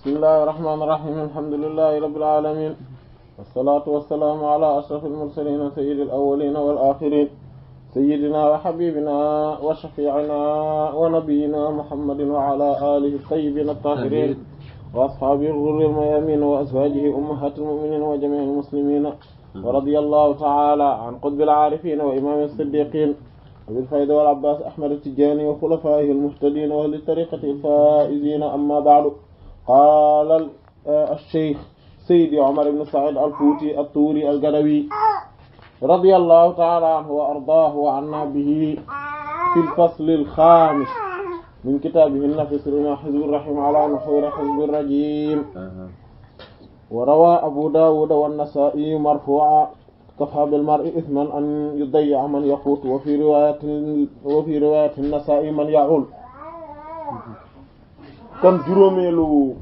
بسم الله الرحمن الرحيم الحمد لله رب العالمين والصلاة والسلام على أشرف المرسلين سيد الأولين والآخرين سيدنا وحبيبنا وشفيعنا ونبينا محمد وعلى آله الطيبين الطاهرين وأصحاب الغر الميامين وأزواجه أمهات المؤمنين وجميع المسلمين ورضي الله تعالى عن قطب العارفين وإمام الصديقين أبي الفايد والعباس أحمد التجاني وخلفائه المهتدين وأهل الطريقة الفائزين أما بعد قال آه، الشيخ سيدي عمر بن سعيد الفوتي الطوري القروي رضي الله تعالى عنه وأرضاه وعنا به في الفصل الخامس من كتابه النفس لنا حزب الرحيم على نحور حزب الرجيم وروى أبو داود والنسائي مرفوعا كفى بالمرء إثما أن يضيع من يقوت وفي رواية وفي رواية النسائي من يعول kon juróomeelu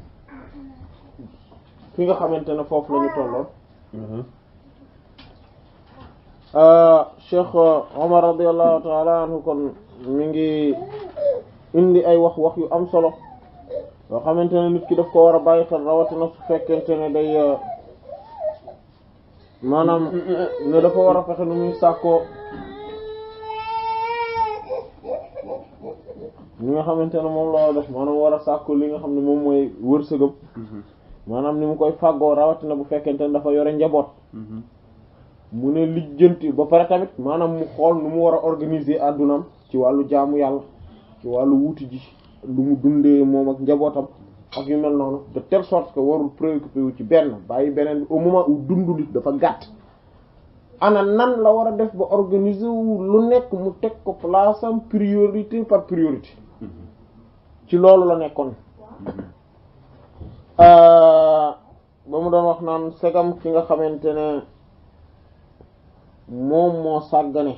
fi nga xamante ne foofu lañu tolloon mhm. euh, Cheikh Omar radiyallahu ta'ala anhu kon mi ngi indi ay wax wax yu am solo yoo xamante ne nit ki daf ko war a bàyyi xel rawatina su fekkente ne day euh, maanaam ne dafa war a fexe nu muy sàkkoo li nga xamantene mom la def manam wara sakku li nga xamne mom moy mooy manam mhm. maanaam koy mu koy na bu fekente dafa yore njabot mhm. mu ne lijjanti ba para tamit manam mu xol nu mu wara organiser adunam ci walu jaamu yalla ci walu wuti ji lu mu dundé mom ak njabotam ak yu mel noonu de telle sorte que warul préoccupé wu ci benn bayyi benen au moment où dundu nit dafa gatt ana nan la wara def ba organiser wu lu nek mu tek ko place priorité par priorité ci loolu la nekkoon euh, ba mu doon wax naan segam ki nga xamante ne moom moo sàggane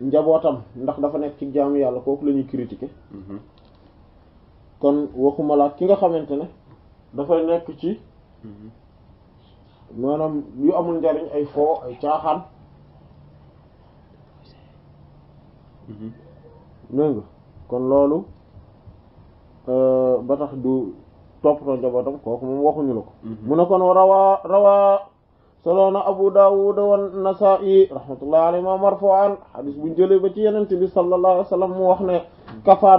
njabootam ndax dafa nekk ci jaamu yàlla kooku la ñuy critiquer mhm. kon waxuma la ki nga xamante ne dafay nekk ci mhm. maanaam yu amul njariñ ay foo ay caaxaan mhm. dégg kon loolu eh, ba tax du toppatoo njabootam kooku moom waxuñu la ko mhm. mu ne kon rawa solo na abu daawud wa nasaa'i rahmatullahi alayhi ma marfu'an hadis buñ jëlee ba ci yenente bi sallallahu alayhi wasallam mu wax ne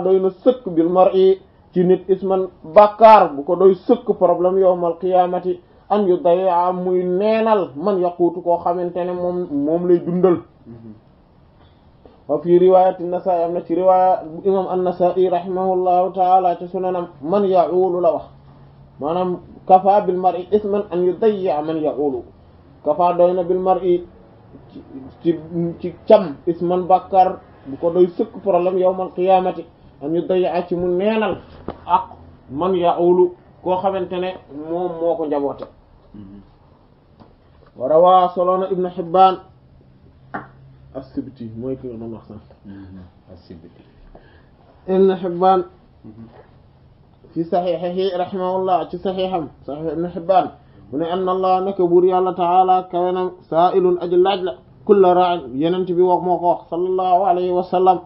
doy na bil mar'i ci nit isman bakar bu ko doy sekk problème yowmal qiyamati an yu dayaa muy neenal man yaqutu ko xamantene mom mom lay dundal mhm. wa fi riwayati an-Nasa'i am na ci riwaya imam an-Nasa'i rahimahullahu ta'ala ci sunanam man ya'ulu la wax maanaam kafa bil mar'i isman an yudayya man ya'ulu kafa doy na bil mar'i ci ci cam isman bàkkaar bu ko doy sëkk problème yawmal qiyamati an yudayya ci mu neenal ak man ya'ulu koo xamante ne moom moo ko njaboote mm-hmm. wa rawa solona ibnu Hibbaan asibiti moy mooy ki nga doon wax sax asibiti Ibn hibban fi sahihihi saxiixihi allah ci sahiham sahih Ibn hibban mu ne anna Allah naka buur yàlla taala kawenam sa'ilun aji laaj la kulla raa'in yenent bi wax moko wax sallallahu alayhi wa sallam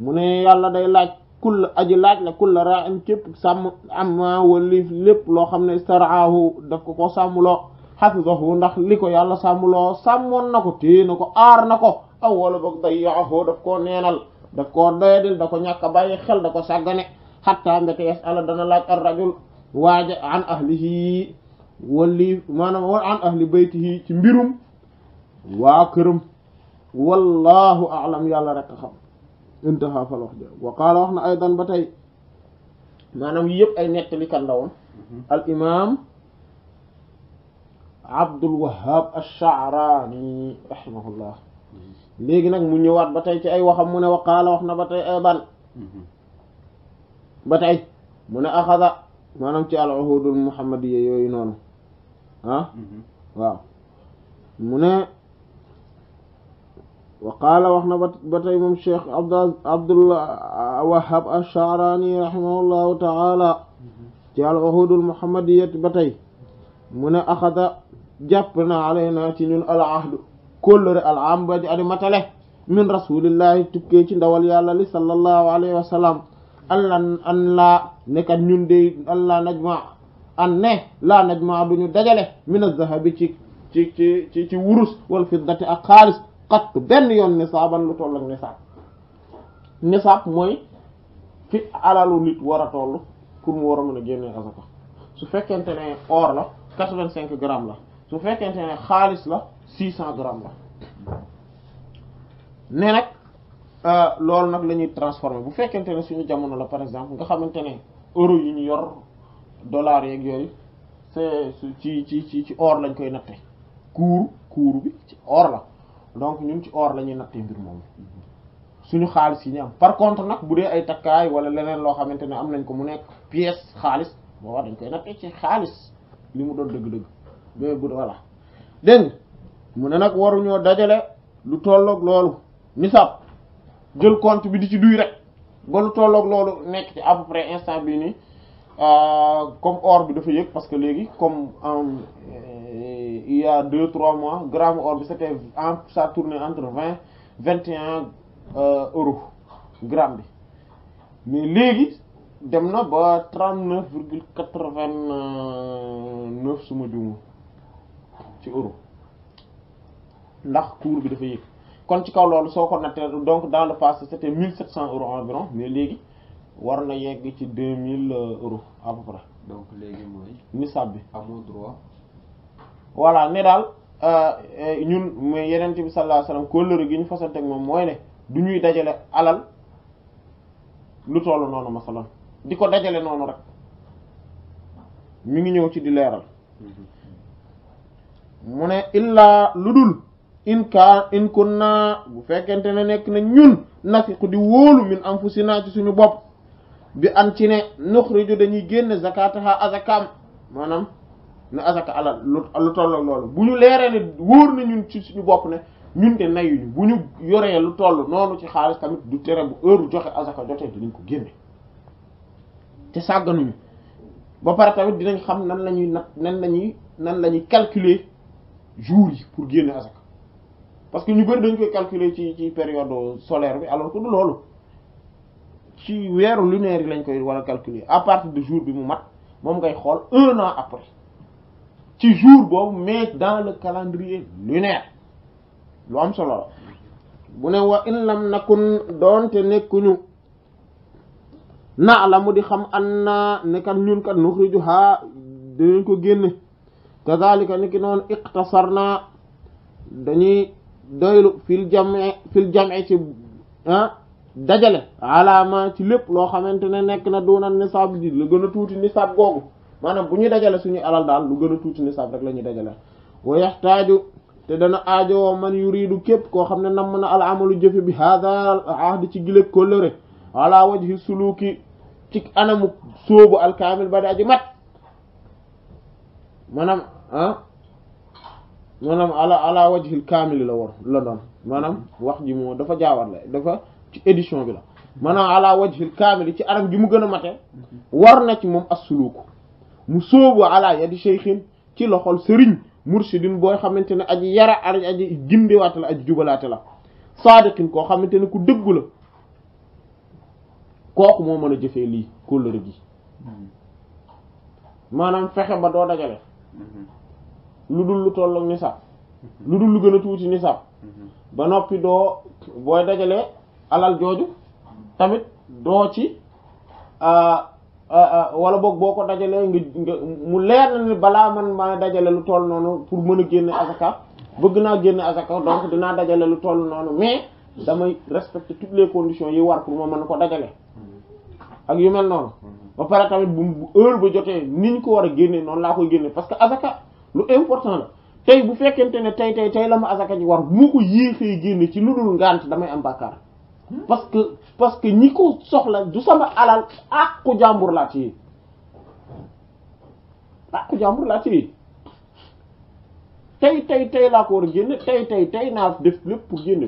mu ne yàlla day laaj kulla aji laaj la kulla raa'in képp sàmm amma waliif lépp lo xamne sar'ahu daf ko ko sàmmloo xafidahu ndax li ko yàlla sàmmloo sàmmoon na ko téye na ko aar na ko aw wala boog dayyahu daf koo neenal daf koo doyadil da ko ñàkk a bàyyi xel da ko sàggane xatta mbéte yasala dana laaj ar rajul waaja an ahlihi walli maanaam wal an ahli baytihi ci mbirum waa këram wallahu a'lam yàlla rek a xam intaha fal wax ja wa qaala wax na aydan ba tey maanaam yëpp ay nettali kan la mhm. al imam Abdul Wahhab Ash-Sha'rani rahimahullah léegi nag mu ñëwaat ba tey ci ay waxam mu ne waqaala wax na ba tey ayban eh, ba tey mu ne axada maanaam ci al-uhudul muhammadiyya yooyu noonu ah waaw mu ne waqaala wax na ba tey moom Cheikh Abdul Abdul Wahhab Ash-Sha'rani rahimahullahu ta'ala ci al-uhudul muhammadiyya ba tey mu ne axada jàpp na alayna ci ñun al ahdu kóllëre al am ba ji matale min rasulillahi tukkee ci ndawal yàlla li sallallahu alayhi wa sallam allan an laa nekkat ñun de allah najma an ne laa najma duñu dajale min az-zahabi ci ci ci ci ci wurus wal fiddati ak xaalis xatt benn yoon nisaaban lu toll ak nisaab nisaab mooy fi alalu nit war a toll pour mu war a mën a génnee asaka su fekkente ne or la quatre-vingt-cinq grammes la su fekkente ne xaalis la six cent grammes la ne nag euh, loolu nag lañuy ñuy bu fekkente ne suñu jamono la par exemple nga xamante ne euro yu ñu yor dollars yeeg yooyu c'est ci ci ci ci or lañ koy natte kuur kuur bi ci or la donc ñun ci or la ñuy natte mbir moom suñu xaalis yi ñu am par contre nag bu dee ay takkaay wala leneen loo xamante ne am nañ ko mu nekk pièce xaalis boo dañ koy natte ci xaalis li mu doon dëgg-dëgg bu voilà Je mu ne compte bi di ci rek ci à peu près instant ni euh, comme or bi parce que comme euh, il y a deux trois mois gramme or bi c'était ça tournait entre 20 21 et euh, euros gramme mais léegi dem ba 39,89 ci euro ndax cours bi dafa yéeg kon ci kaw lolu soko naté donc dans le passé c'était 1700 euros environ mais légui war na yegg ci 2000 euh, euros à peu près. donc légui moy ni sabbi amo droit. voilà dal euh ñun mooy yeneen bi sallallahu alayhi wasallam kóllëre gi ñu fassante ak mom moy né duñuy dajalé alal lu tollu nonu ma di diko dajalé nonu rek mi ngi ñew ci di leeral. Mhm. mu ne illaa lu dul in kaa in kunna bu fekkente ne nekk na ñun nafiqu di wóolu min anfusina ci suñu bopp bi an ci ne nuxriju dañuy génne zakataha azakam maanaam ne azaka alal lu toll loolu bu ñu leeree ne wóor na ñun ci suñu bopp ne ñun te nayuñu bu ñu yoree lu toll noonu ci xaalis tamit du tere bu heure joxe azaka jotee dinañ ko génne te sàgganuñu ba pare tamit dinañ xam nan lañuy nat nan lañuy nan lañuy calculer jours pour génne asaka parce que ñu bëri dañ koy calculer ci ci période solaire bi alors que du loolu ci weeru lunaire yi lañ koy wala calculer à partir de jour bi mu mat mom ngay xol 1 an après ci jour bobu mais dans le calendrier lunaire lu am solo la bu ne wa in lam nakun doonte nekkuñu na la di xam anna naa nekkat ñun kan nuxriju haa dinañ ko génne kazalika ni ki noonu iqtasarna dañuy doylu fil jam fil jam'i ci ah, dajale alaama ci lépp loo xamante ne nekk na doonan nisaab ji lu gën a tuuti nisaab googu maanaam bu ñuy dajale suñuy alal daal lu gën a tuuti nisaab rek la ñuy dajale wa yaxtaaju te dana aajowoo man yuridu képp koo xam ne namm na al amalu jëfe bi hadal ahdi ci gilég kóllëre ala wajhi suluki ci anamu sóobu alkaamil ba di aji mat maanaam ah maanaam ala ala wajhil kaamil la war la doon maanaam wax ji moo dafa jaawat la dafa ci édition bi la maanaam ala wajhil kaamil ci anam ji mu gën a mate war na ci moom assuluku mu sóobu ala yadi shaykhin ci loxol sëriñ mursidin boo xamante ni aji yara aji aji la aj jubalaate la saadiqin koo xamante ne ku dëggu la kooku moo mën a jëfee lii kóllëre gi hmm. maanaam fexe ba doo dajale lu dul lu tolloog nisaab lu dul lu gën a tuuti nisaab ba noppi doo booy dajale alal jooju tamit doo ci wala boog boo ko dajalee nga mu leer na ni balaa man maa dajale lu toll noonu pour mën a génne azaka bëgg naa génne azaka donc dinaa dajale lu toll noonu mais damay respecter toutes les conditions yi war pour ma mën ko dajale ak yu noonu ba pare tamit bu heure ba jotee ni ñu ko war a génne noonu laa koy génne parce que azaka lu important la tey bu fekkente ne tey tey tey la ma azaka ji war bu ma génne ci lu dul damay am bàkkaar parce que parce que ñi ko soxla du sama alal jàmbur laa ci yi àqu laa ci yi tey tey tey laa ko war a génne tey tey tey naa def lépp pour génne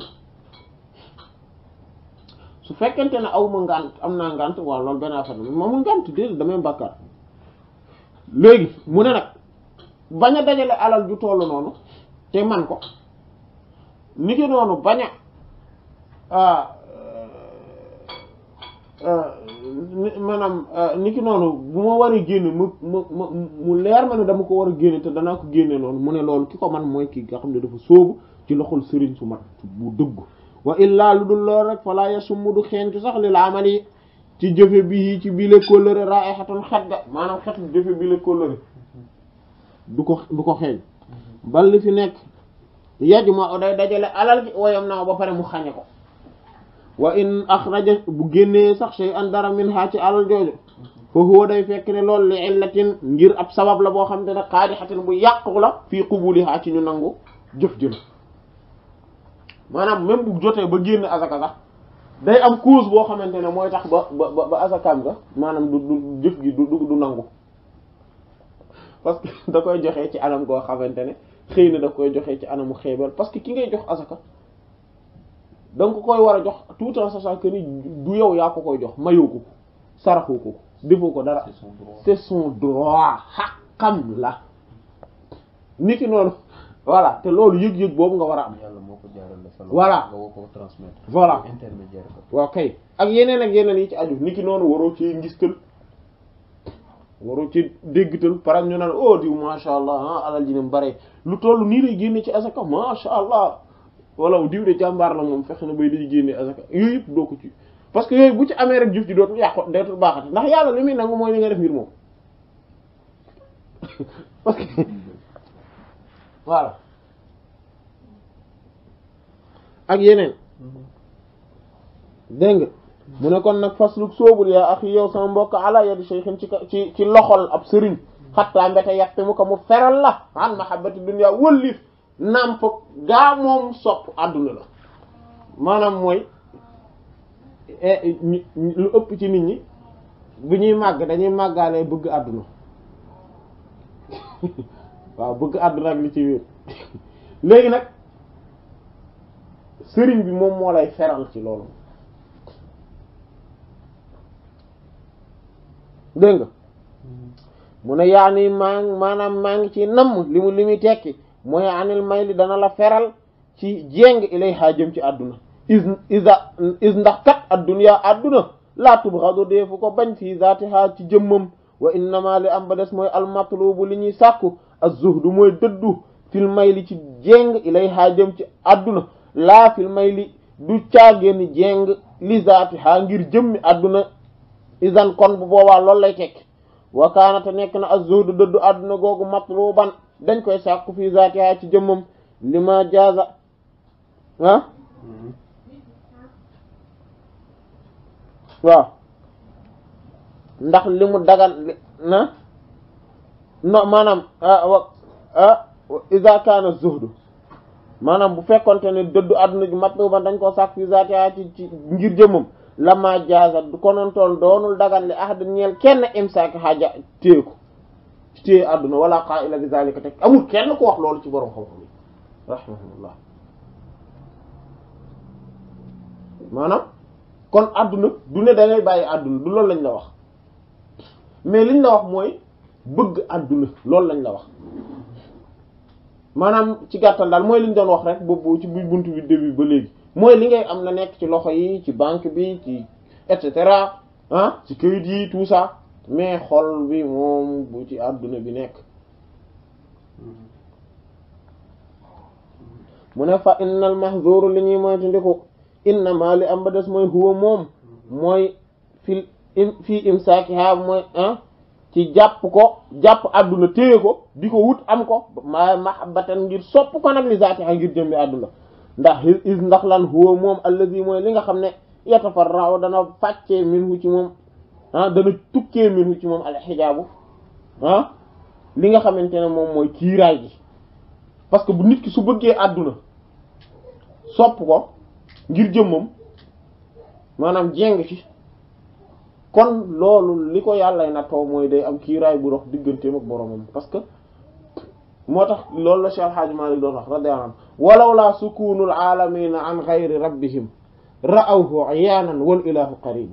fekkente na awma ngant am naa ngant wa loolu benn affaire la ma mu ngant déedéet dama bàkkaar legi mu ne nak baña dajale alal ju tollu nonu te man ko niki nonu baña ah a eh, eh, manam eh, niki nonu buma bu genn mu mu leer man dama ko wara genn te dana ko genné noonu mu ne loolu kiko man moy ki nga xamne dafa sobu ci loxol serigne su mat bu deug wa illaa lu dul lool rek falaa yasummu du xeeñtu sax lil amali ci jëfe bi ci bile kóllëre raihatan xatga maanaam xetu jëfe bile kóllëre du ko du ko bal li fi nekk yaju ma day dajale alal bi wayam naa ba pare mu xañe ko wa in axraja bu génnee sax shay an dara min ha ci alal jooju fa huwa day fekk ne loolu li illatin ngir ab sabab la boo xam te ne qaadixatin bu yàqu la fii ci ñu nangu jëf jël maanaam même bu jotee ba génn azaka sax day am cause boo xamante ne mooy tax ba ba ba ga maanaam du du jëf gi du du nangu parce que da koy joxe ci anam goo xamante ne xëy na da koy joxe ci anamu xeebal parce que ki ngay jox azaka donc koy war a jox tout en sachant du yow yaa ko koy jox mayoo ko saraxoo ko defoo ko dara c'est son droit xaqam la niki noonu voilà te loolu yëg-yëg boobu nga war a am. yàlla moo ko jaaral la sa loxo. voilà nga woo ko transmettre. voilà intermédiaire ko. waaw kay ak yeneen ak yeneen yi ci aju niki noonu waroo ci ngistal waroo ci déggtal par ñu naan oh diw macha allah ah alal ji mu bare lu toll nii lay génne ci asaka macha allah wala diw de jàmbaar la moom fexe na bay day génne asaka yooyu yëpp doo ko ci. parce que yooyu bu ci amee rek jëf ji dootul yàqu dootul baaxati ndax yàlla li muy nangu mooy li nga def ngir moom voilà ak yeneen dégg nga mu ne kon nag fasluk sóobul yaa axi yow sama mbokk ala yadi shaykhin ci ci loxol ab sëriñ xattaa mbete yàtte mu ko mu feral la an mahabbati dunya wëllif naam fa gaa moom sopp àdduna la maanaam mooy e, e, lu ëpp ci nit ñi bu ñuy màgg dañuy màggaale bëgg àdduna waaw bëgg àdduna ak li ci wér léegi nag sëriñ bi moom moo lay feral ci loolu dégg nga mu ne yaa ni maa maanaam maa ngi ci namm limu mu li muy tekki mooy anil may li dana la feral ci jéng ilay xaa jëm ci àdduna is isa is ndax kat adduna àdduna laa tubxadu deefu ko bañ fii zaatiha ci jëmmam wa innama li am ba des mooy almatlubu liñuy sàkku azuhdu mooy dëddu fil mayli ci jeng ilay haa jëm ci àdduna laa fil mayli du caageen jeng lisaati haa ngir jëmmi àdduna isan kon bu boobaa loolu lay tekk wa kaana te nekk na azuhdu dëddu àdduna googu matluuban dañ koy sàkku fi zaati haa ci jëmmam li ma jaasa ah waaw ndax li mu dagal na non maanaam ah, ah, iza kaana zuhdu maanaam bu fekkonte ne dëddu àdduna ji matluban dañ koo sàkk fi zaatiha ci ci ngir jëmmam lama jaaza konontoon doonul dagan li ahad ñeel kenn imsaak xaaja téye ko téye àdduna wala qaa'ila bi zaalika teg amul kenn ku wax loolu ci borom xam-xam yi rahimahullah maanaam kon àdduna du ne da bàyyi àdduna du lool lañ la wax mais liñ la wax mooy bëgg àdduna loolu lañ la wax maanaam ci gàttal daal mooy li doon wax rek boobu ci buntu bi début ba léegi mooy li ngay am na nekk ci loxo yi ci banque bi ci et cetera ah, ci këyit yi tout ça mais xol bi moom bu ci àdduna bi nekk mu ne fa innal mahzuru li ñuy moytu ndiku inna maa li am ba des mooy huwa moom mooy fi fii imsaakiha mooy ah ci jàpp ko jàpp àdduna téye ko di ko wut am ko ma ma mahabbatan ngir sopp ko nag li zaatiha ngir jëmmi àdduna ndax is ndax lan huwa moom allazi mooy li nga xam ne raw dana fàccee minhu ci moom ah dana tukkee minhu ci moom alxijaabu ah li nga xamante ne moom mooy kiiraay gi parce que bu nit ki su bëggee àdduna sopp ko ngir jëmmam maanaam jéng ci kon loolu liko yalla na taw moy day am kiray bu dox digganteem ak boromam parce que motax tax loolu la Cheikh hadji malik do wax radi Allah walaw laa sukunul alamin an ghayri rabbihim ra'awhu ayanan wal ilahu qareeb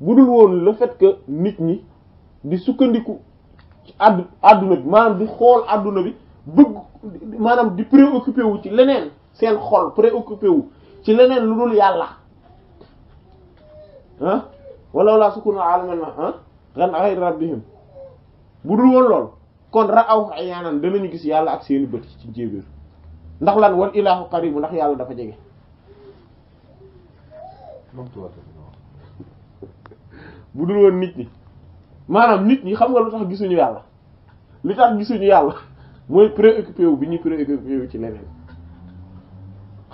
budul won le fait que nit ñi di sukkandiku aduna bi manam di xol aduna bi bëgg manam di préoccupé wu ci leneen seen xol préoccupé wu ci leneen lu dul yàlla ah wala laa sukuna alaman ah ren ay rabbihim bu dul woon lool kon ra aw ayaanan danañu gis yàlla ak seeni bët ci jéebéer ndax lan wal ilaahu qaribu ndax yàlla dafa jege bu dul woon nit ñi maanaam nit ñi xam nga lu tax gisuñu yàlla li tax gisuñu yàlla mooy préoccupé wu bi ñuy préoccupé ci leneen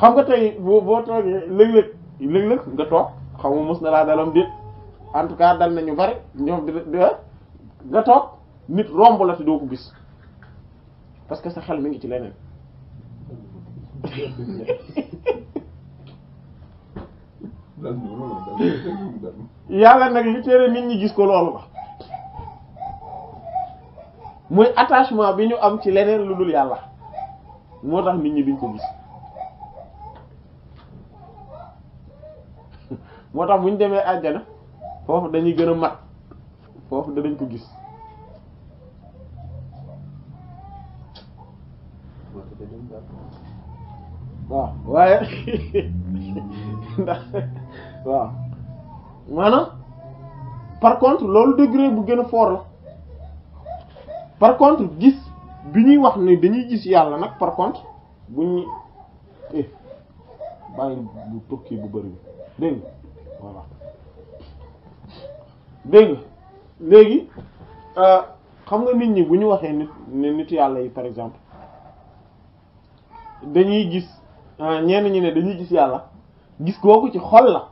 xam nga tey boo boo toogee léeg-léeg léeg nga toog xam mos na laa dalam déet en tout cas dal nañu bari ñoom di ah, nga toog nit romb la te doo ko gis parce que sa xel mi ngi ci leneen yàlla nag li tere nit ñi gis ko loolu la muy attachement bi ñu am ci leneen lu dul yàlla moo tax nit ñi biñ ko gis moo tax bu ñu demee àjjana foofu dañuy gën a mat foofu danañ ko gis waaw waaye ndax waaw maanaam par contre loolu degré bu gën a fort la par contre gis bi ñuy wax ne dañuy gis yàlla nag par contre bu ñu eh bàyyi bu tokki bu bari bi dégg nga léegi euh, xam nga nit ñi bu ñu waxee nit ne nit yàlla yi par exemple dañuy gis euh, ñenn ñi ne dañuy gis yàlla gis googu ci xool na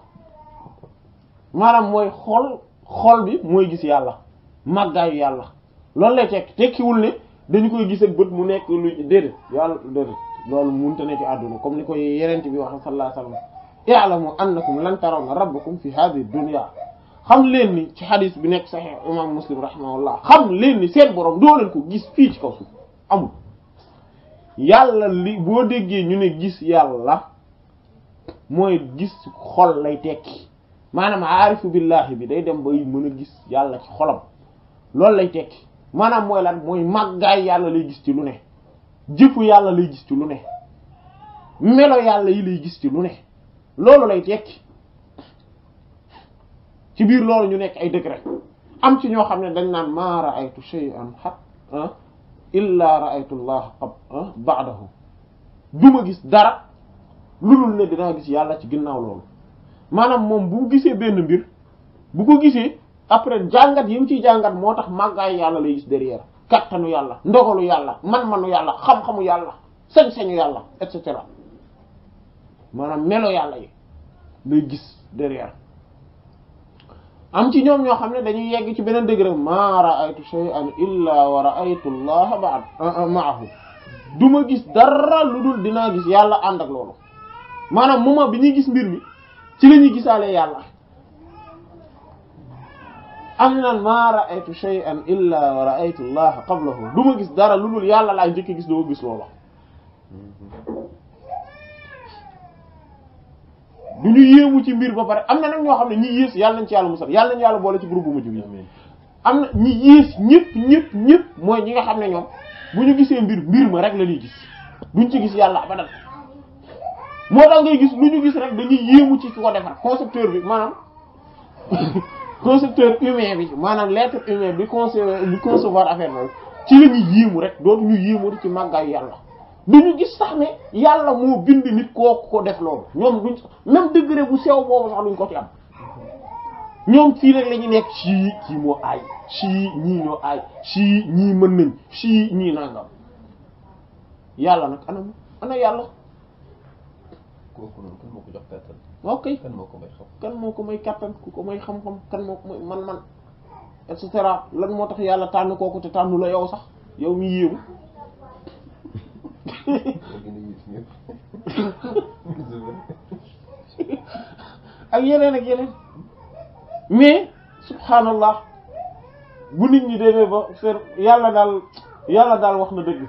maanaam mooy xool xool bi mooy gis yàlla màggaayu yàlla loolu lay tekki tekkiwul ne dañu koy gis ak bët mu nekk lu déedéet yàlla déedéet loolu mënta ne ci àdduna comme ni koy yeneen bi wax sallallahu alayhi wasallam i'lamu annakum lan tarawna rabbakum fi hadhihi dunya xam leen ni ci xadis bi nekk saxiix imam muslim rahimahullah xam leen ni seen borom doo leen ko gis fii ci kaw suuf amul yàlla li boo déggee ñu ne gis yàlla mooy gis xol lay tekki maanaam aarifu bi day dem bay mën a gis yàlla xolam loolu lay tekki maanaam mooy lan mooy màggaay yàlla lay gis ci lu ne jëfu yàlla lay gis ci lu ne melo yàlla yi lay gis ci lu ne loolu lay tekki ci biir loolu ñu nekk ay degré am ci ñoo xam ne dañ naan ma ra'aytu shay'an hatta ah, illa ra'aytu Allah qab ah, ba'dahu ma gis dara lu dul ne dinaa gis yàlla ci ginnaaw loolu maanaam moom bu gisee benn mbir bu ko gisee après jàngat yi mu ciy jàngat moo tax màggaay yàlla lay gis derrière kattanu yàlla ndogalu yàlla man-manu yàlla xam-xamu yàlla sañ-sañu yàlla et cetera maanaam melo yàlla yi lay gis derrière am ci ñoom ñoo xam ne dañuy yegg ci beneen degré ma ra'aytu shay'an illa wa ra'aytu allaha du ma gis dara lu dul gis yàlla ànd ak loolu maanaam moment bi ñu gis mbir mi ci la ñuy gisaale yàlla am na naan ma ra'aytu shay'an illa wa qablahu du ma gis dara lu dul yàlla laa njëkk gis doo gis du ñu yéemu ci mbir ba pare am na nag ñoo xam ne ñi yées yàlla nañ ci yàlla musal yàlla nañ yàlla boole ci groupe bu mujj bi am na ñi yées ñëpp ñëpp ñëpp mooy ñi nga xam ne ñoom bu ñu gisee mbir mbir ma rek la ñuy gis duñ ci gis yàlla abadan moo tax ngay gis lu ñu gis rek dañuy yéemu ci ki ko defar concepteur bi maanaam concepteur humain bi maanaam l'être ñu bi concevoir affaire boobu ci la ñuy yéemu rek dootu ñu yéemu ci màggaayu yàlla duñu gis sax ne yàlla moo bind nit kooku ko def loolu ñoom duñ même degré bu sew boobu sax duñ ko ci am ñoom fii rek la ñu nekk ci kii moo aay ci ñii ñoo aay ci ñii mën nañ ci ñii nangam yàlla nag ana ana yàlla. kooku kan moo ko may xam. ko may kattan ku ko may xam-xam kan moo ko may man-man et cetera lan moo tax yàlla tànn kooku te tànnu la yow sax yow mi yéemu. ak yeneen ak yeneen mais subhanallah gu nit ñi demee ba fer yàlla daal yàlla daal wax na dëgg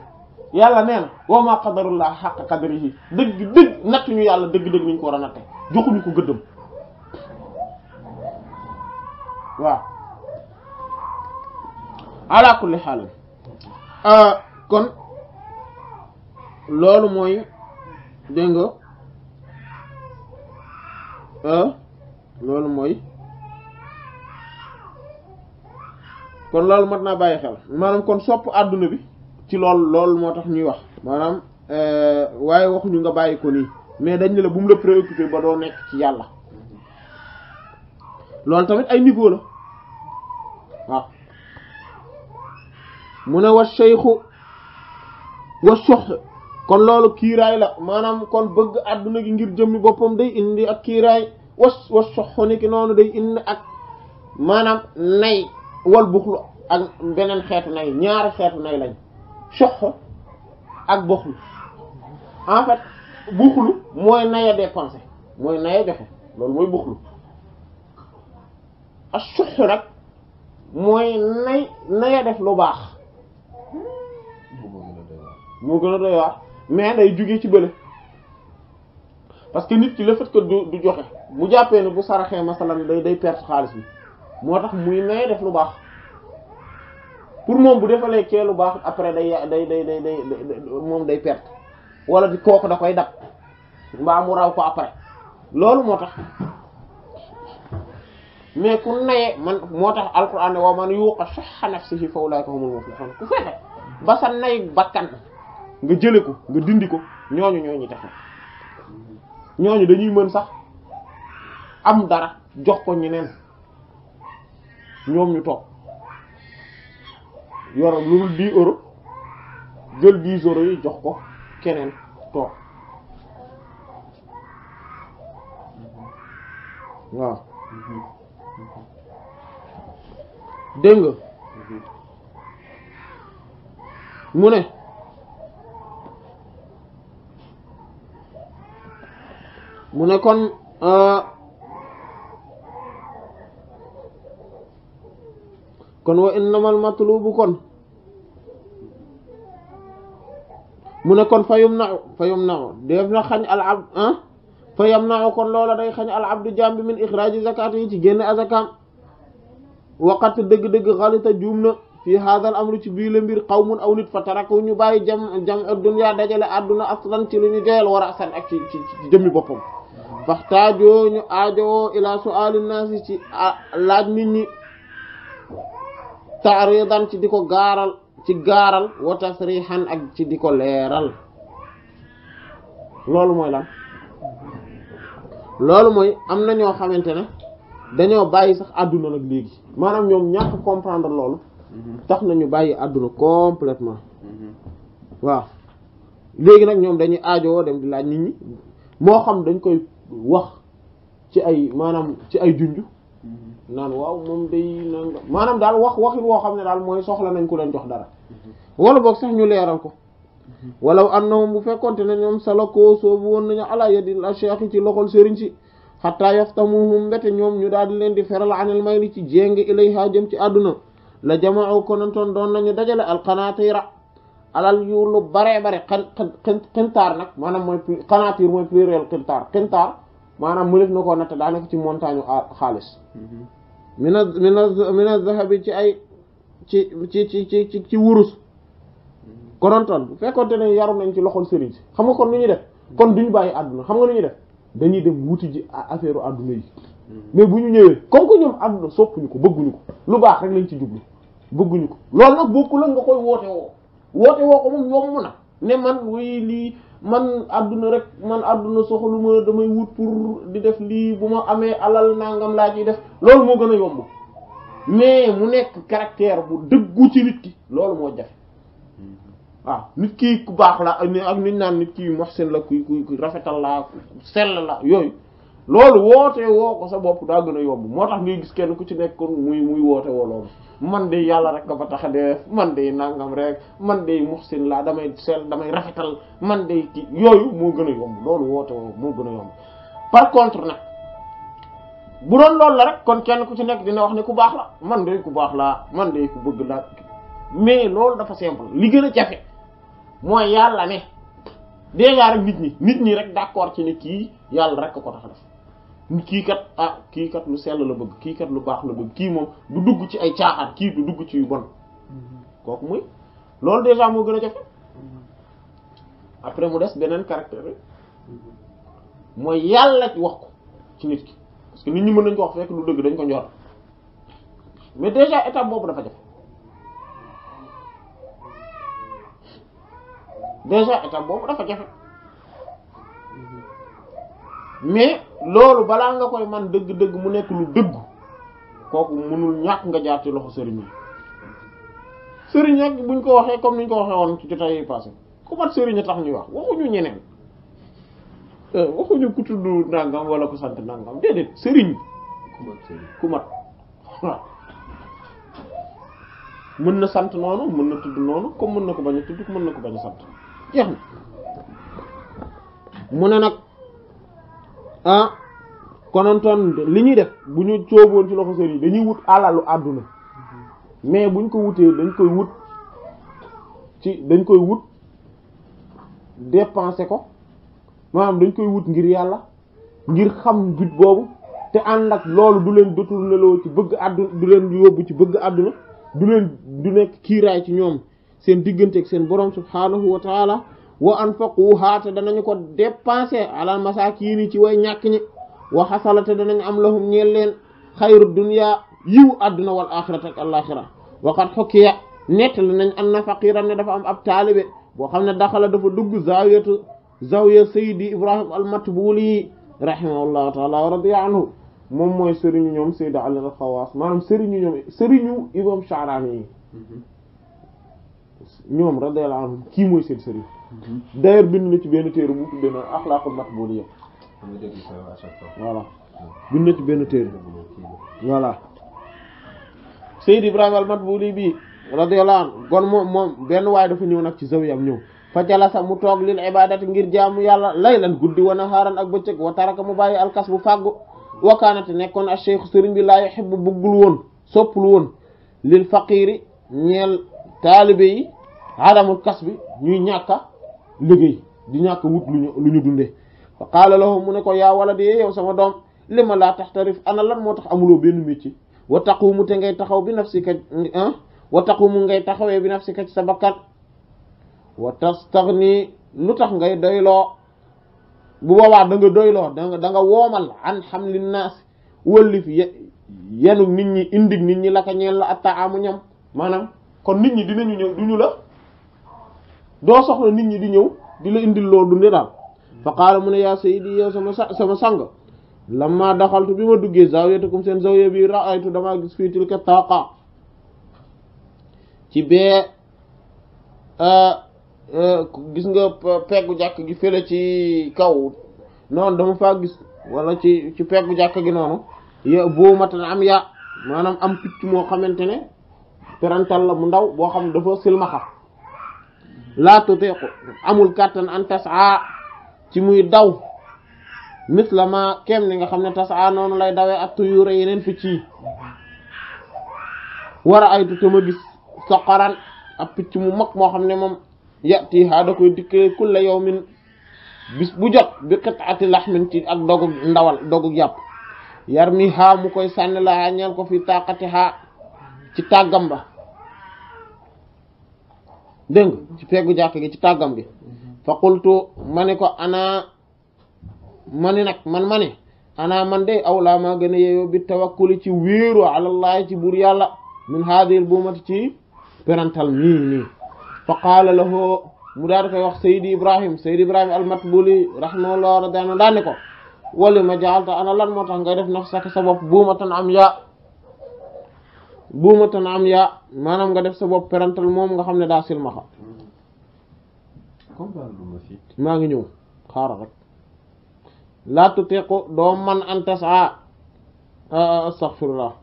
yàlla nee na wa ma qadarullah xaq qadrihi dëgg dëgg nattuñu yàlla dëgg-dëgg niñ ko war a natte joxuñu ko gëddëm waaw ala kulli xaal euh, kon loolu mooy dégg nga loolu mooy kon loolu mat naa bàyyi xel maanaam kon sopp àdduna bi ci loolu lool moo tax ñuy wax maanaam euh, waaye waxuñu nga bàyyi ko nii mais dañ ne la bu mu la préoccupé ba doo nekk ci yàlla loolu tamit ay niveau la mu ne wa cheikhu wa sox kon loolu kiiraay la maanaam kon bëgg àdduna gi ngir jëmm boppam day indi ak kiiraay was was soxoni ki noonu day indi ak maanaam nay wal buxlu ak beneen xeetu nay ñaari xeetu nay lañ soxo ak buxlu en fait buxlu mooy naya dépensé mooy naya joxe loolu mooy buxlu ak soxo nag mooy nay naya def lu baax moo gën a doy mais day jóge ci bële parce que nit ki le fait que du joxe bu jàppee ne bu saraxee masalan day day perte xaalis bi moo tax muy may def lu baax pour moom bu defalee kee lu baax après day day day day day moom day perte wala di kooku da koy dab mbaa mu raw ko après loolu moo tax mais ku naye man moo tax alquran ne wa man yuqa shuhha nafsihi fa ulaika humul muflihun ku fexe ba nay bakkan nga jële ko nga dindi ko ñooñu ñooñu tax ñooñu dañuy mën sax am dara jox ko ñeneen ñoom ñu toog yor lu dul 10 jël 10 euros jox ko keneen toog waaw dégg nga mhm. mu ne mune kon kon wa innamal matlubu kon mune kon fayumna fayumna nau fa def na xañ al abd han fayumna kon lola day xañ al abd jaam min ikhraj zakat yi ci génn azakam waqat deug deug xalita jumna fi hada al amru ci bi le mbir qawmun aw nit fataraku ñu baye jam jam ad dunya dajale aduna aslan ci luñu ñu wara war asan ak ci ci jëmmi boppam faxtaajoo ñu ajo ila su'al an-nas ci laaj nit ñi ta'ridan ci diko garal ci garal wa tasrihan ak ci diko leral lolu moy lan lolu moy am na ñoo xamante ne dañoo sax aduna nak legi manam ñom ñak comprendre lolu mm-hmm. tax nañu bayyi aduna complètement mm-hmm. wa legi nak ñom dañuy aajowoo dem di laaj nit ñi mo xam dañ koy wax ci ay maanaam ci ay junj mm-hmm. naan waaw moom day naan maanaam daal wax waxin woo xam ne daal mooy soxla nañ ku leen jox dara mm-hmm. wala boog sax ñu leeral ko mm-hmm. walaw annahum mu fekkonte ne ñoom salakoo soobu woon nañu ala yadil ci loxol sëriñ si xataa yaftamuhum mbete ñu daal di leen di feral anil may li ci jéng ilayha jëm ci àdduna la jamaaw konantoon doon nañu dajale alqanaatira alal yu lu baree bare xen xen xintaar nag maanaam mooy qanaatiir mooy pluriel xintaar maanaam mu def na koo natt daanaka ci montagne xaalis mhm. mina mina mina zahabi ci ay ci ci ci ci ci ci wurus mhm. konontoon bu fekkoonte ne yaru nañ ci loxol sëriñ si xam nga kon lu ñuy def mhm. kon ñu bàyyi àdduna xam nga lu ñuy def dañuy dem wuti ji affaire àdduna yi mais bu ñu ñëwee comme que ñoom àdduna soppuñu ko bëgguñu ko lu baax rek lañ ci jublu bëgguñu ko loolu nag bokku la nga koy woote woo ko moom yomb na ne man wuy lii man àdduna rek man àdduna lu ma damay wut pour di def lii bu ma amee alal nangam laa ciy def loolu moo gën a yomb mais mu nekk caractère bu dëggu ci nit ki loolu moo jafe waaw nit ki ku baax la ak nit naan nit ki muhsin la ku ku rafetal la ku sell la yooyu loolu woote woo ko sa bopp daa gën a yomb moo tax ngay gis kenn ku ci nekk muy muy woote woo loolu man de yàlla rek ka ba tax a def man de nàngam rek man de muhsin laa damay sel damay rafetal man de kii yooyu moo gën a yomb loolu woote woo moo gën a yomb par contre na bu doon loolu la rek kon kenn ku ci nekk dina wax ne ku baax la man de ku baax laa man de ku bëgg la mais loolu dafa simple li gën a jafe mooy yàlla ne déjà rek nit ñi nit ñi rek d'accord ci kii yàlla rek ko tax ki kat ah ki kat lu sel la bëgg ki kat lu bax la bëgg ki mom du dugg ci ay tiaxat ki du dugg ci yu bon mhm. kok muy lool déjà mo gëna jafé mhm. après mu dess benen caractère moy mhm. yalla ci wax ko ci nit ki parce que nit ñi mën nañ ko wax fekk lu dëgg dañ ko ñor mais déjà étape bobu dafa jafé déjà étape bobu dafa jafé mais lolu bala nga koy man deug deug mu nek lu deug kooku munul ñak nga jaati loxo serigne serigne ak buñ ko waxe comme niñ ko waxe won ci jotay yi passé ku mat serigne tax ñu wax ñu ñeneen euh, ñu ku tuddu nangam wala ku sant nangam dedet serigne ku mat ku mat waaw mën na sant nonu mën na tudd noonu comme mën na ko bañ tuddu mën na ko bañ sant jeex na mu ne nak ah konontoon li ñuy def bu ñu cooboon ci loxo yi dañuy wut alalu àdduna mais buñ ko wutee dañ koy wut ci dañ koy wut dépenser ko maanaam dañ koy wut ngir yàlla ngir xam but boobu te ànd ak loolu du leen détourné loo ci bëgg àdduna du leen yóbbu ci bëgg àdduna du leen du nekk kiiraay ci ñoom seen diggante ak seen borom subhaanahu wa wa an anfaqohaa te danañu ko dépenser alal masaakiini ci way ñàkk wa xasala te danañ am lahum ñeel leen xayru dunya yiw adduna wal axirata ak alaxira waqad xukkiya nettali nañ an na faqiran ne dafa am ab taalibe boo xam ne daxala dafa dugg zawiyatu zawiya saydi ibrahim al matbuli rahimahullahu taala wa radiya anhu moom mooy sëriñu ñoom saydi ali al xawaas maanaam sëriñu ñoom sëriñu imam Sha'rani mm-hmm. ñoom radiallahu anhu kii mooy seen sëriñ d'ailleurs bind na ci ben téere bu tuddee noonu axlaaqul maqbuliyya voilà bind na ci ben téere voilà bi radiyallahu gon kon moom ben benn waay dafa ñew nak ci zawiyam ñew fa sa mu tok lil ibadati ngir jaamu yalla laylan guddi wana haran ak bëccëg wa taraka mu bàyyi alkas fagu wa kanat nekkon a serigne bi la bugul won won lil faqiri ñel talbi yi adamul kasbi ñuy ñaka liggey di ñak wut lu ñu dundé ñu fa lahu mu ya waladi yow sama dom. Lima la tahtarif ana lan motax amulo ben benn wa taqumu te ngay taxaw bi nafsika ah? wa taqumu ngay taxawé bi nafsika ci sabakat wa tastaghni lutax ngay doylo bu boobaa da nga doylo da nga da nga womal an hamli naas wëllif yanu nit ñi nit ñi la ka ñeel atta ñam manam kon nit ñi dinañu ñew duñu la do soxna nit ñi di ñew di la indil lo dundé dal fa qala mun ya sayyidi ya sama sama sang lamma dakhaltu bima duggé duggee zawiyatukum sen zawiyé bi ra'aytu dama gis fi tilka taqa ci euh, euh gis nga peggu jakk gi fele ci kaw non dama fa gis wala ci ci peggu jakk gi nonu ya bo matan am ya manam am picc mo xamantene perantal la mu ndaw bo xam dafa silmaha la tutiqu amul kàttan an tasa ci muy daw misla ma kem ni nga xam ne tasa noonu lay dawee ak tuyure yeneen picc yi war a aytu ma gis soqaran ak picc mu mag moo xam ne moom yati ha da koy dikkee kulla yawmin bis bu jot bi qit'ati lahmin ci ak dogu ndawal dogu yàpp yarmiha mu koy sànni la ñeel ko fi taqatiha ci tàggam ba dégg nga ci peggu jàkk gi ci tàggam gi mhm. fa qultu ma ne ko ana ma ne nag man ma ne ana man de aw laa maa gën a yeeyoo bi tawakkuli ci wéeru alallaah ci buur yàlla min haadil buumati ci perantal nii nii fa qaala lahu mu daal di koy wax saydi ibrahim saydi ibrahim almatbuli rahimahullah daana daane ko wali ma jaalta ana lan moo tax ngay def nafsaka sa bopp buumatan am yaa buumatan am ya manam nga def sa bop parental mom nga xam ne daa silmaxa ma ngi ñew xara rek la tuteeku do man antas a ah, astaghfirullah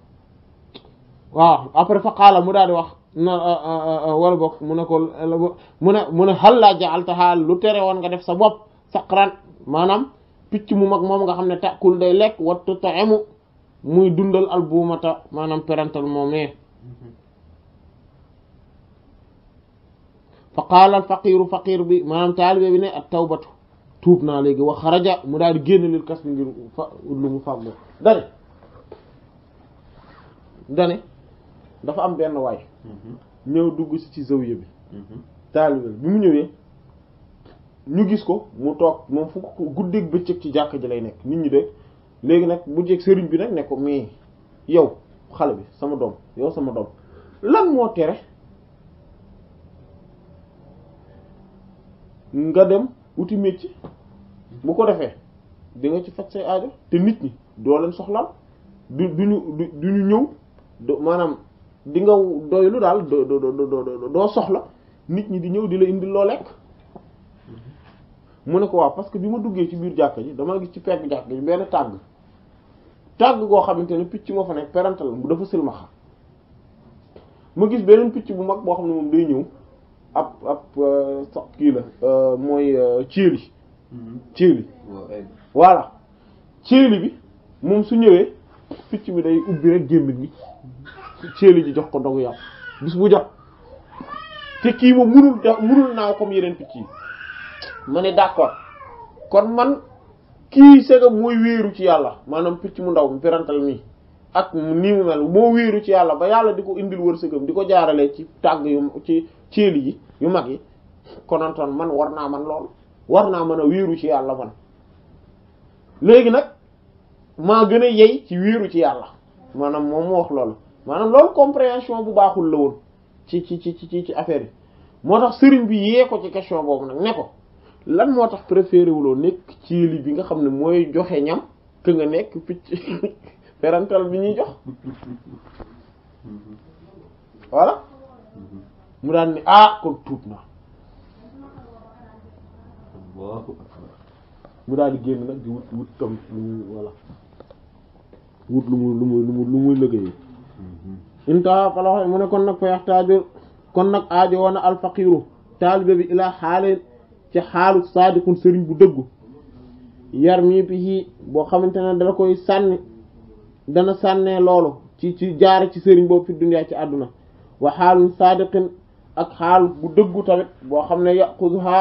wa après fa qala mu daal wax na ah, ah, wal bok mu ne ko mu ne mu ne hal laa ja'altaha lu tere won nga def sa bop saqran manam picc mu mag mom nga xamne takul day lekk wattu ta'amu muy dundal albumata manam parental momé fa qala al faqir faqir bi manam talibé bi né at tawbatu tuub na légui wa kharaja mu dal génné lil kas ngir lu mu fago dané dané dafa am ben way ñew dugg ci ci zawiya bi talibé bi mu ñewé ñu gis ko mu tok mom fu guddé beccëk ci jakk ji lay nek nit ñi dék léegi nag bu jeeg sëriñ bi nag ne ko mais yow xale bi sama doom yow sama doom lan moo tere nga dem wuti métier bu ko defee di nga ci faj say aajo te nit ñi doo leen soxlaal du du du ñu ñëw do maanaam di nga doylu daal doo doo doo doo soxla nit ñi di ñëw di la indil loo lekk mu ko wa parce que bima duggé ci biir jàkka ji dama gis ci pegg jàkka ji benn tag tag go xamanteni picci mo fa nek parental bu dafa silmaxa mu gis beneen picci bu mag bo xam mom day ñew ap ap euh, sax ki la moy ciiri ciiri voilà ciiri bi mom su ñewé picci bi day ubbi rek gemmi bi ciiri ji jox ko dogu yàpp bis bu jot te ki mo mënul mënul na comme yeneen ma ne d'accord kon man kii sega mooy wéeru ci yàlla maanaam picc mu ndaw mu pirantal mi ak nii mu mel moo wéeru ci yàlla ba yàlla di ko indil wërsëgam di ko jaarale ci tàgg yu ci céeli yi yu mag yi kon konantoon man war naa man lool war naa man a wéeru ci yàlla man léegi nag maa gën a yey ci wéeru ci yàlla maanaam moom mu wax loolu maanaam loolu compréhension bu baaxul la woon ci ci ci ci ci affaire yi moo tax sëriñ bi yee ko ci question boobu nag ne ko lan moo tax préféré wuloo nekk ci bi nga xam ne mooy joxe ñam que nga nekk picc parental bi ñuy jox voilà mu daan ni ah kon tuub na mu daan di génn nag di wut wut tam lu muy lu muy lu muy lu muy lu muy liggéey mu ne kon nag fa yaxtaaju kon nag aajo woon a alfaqiru taalibe bi ilaa xaale ci xaalu saadikun sëriñ bu dëggu yar mi bi boo xamante ne dana koy sànni dana sànnee loolu ci ci jaare ci sëriñ boobu fi duniyaa ci àdduna wa xaalum saadiqin ak xaal bu dëggu tamit boo xam ne yaquduha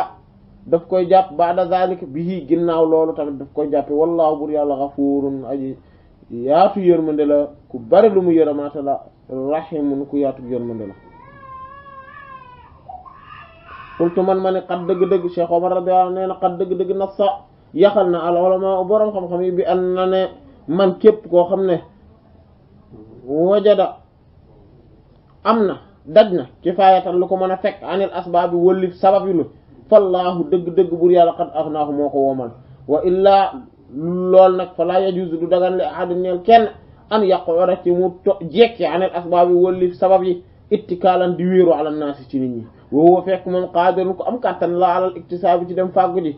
daf koy jàpp da zalik bihi ginnaaw loolu tamit daf koy jàppe wallaahu bur yàlla xafuurun aji yaatu yërmande la ku bari lu mu yërëmaate la rahimun ku yaatu yërmande la قلت من من قد دغ دغ شيخ عمر رضي الله عنه قد دغ دغ نص يخلنا العلماء بروم خم خمي بان من كيب كو خمنه وجد امنا دجنا كفايه لكو من فك عن الاسباب ولي سبب يلو فالله دغ دغ بور يالا قد اخناه مكو ومال والا لول نك فلا يجوز دو دغان لي احد نيل كين ان يقعر كي مو جيك عن الاسباب ولي سبب اتكالا دي ويرو على الناس تي نيت wo fek mom qaadirun ko am katan la al iktisaabi ci dem fagu ji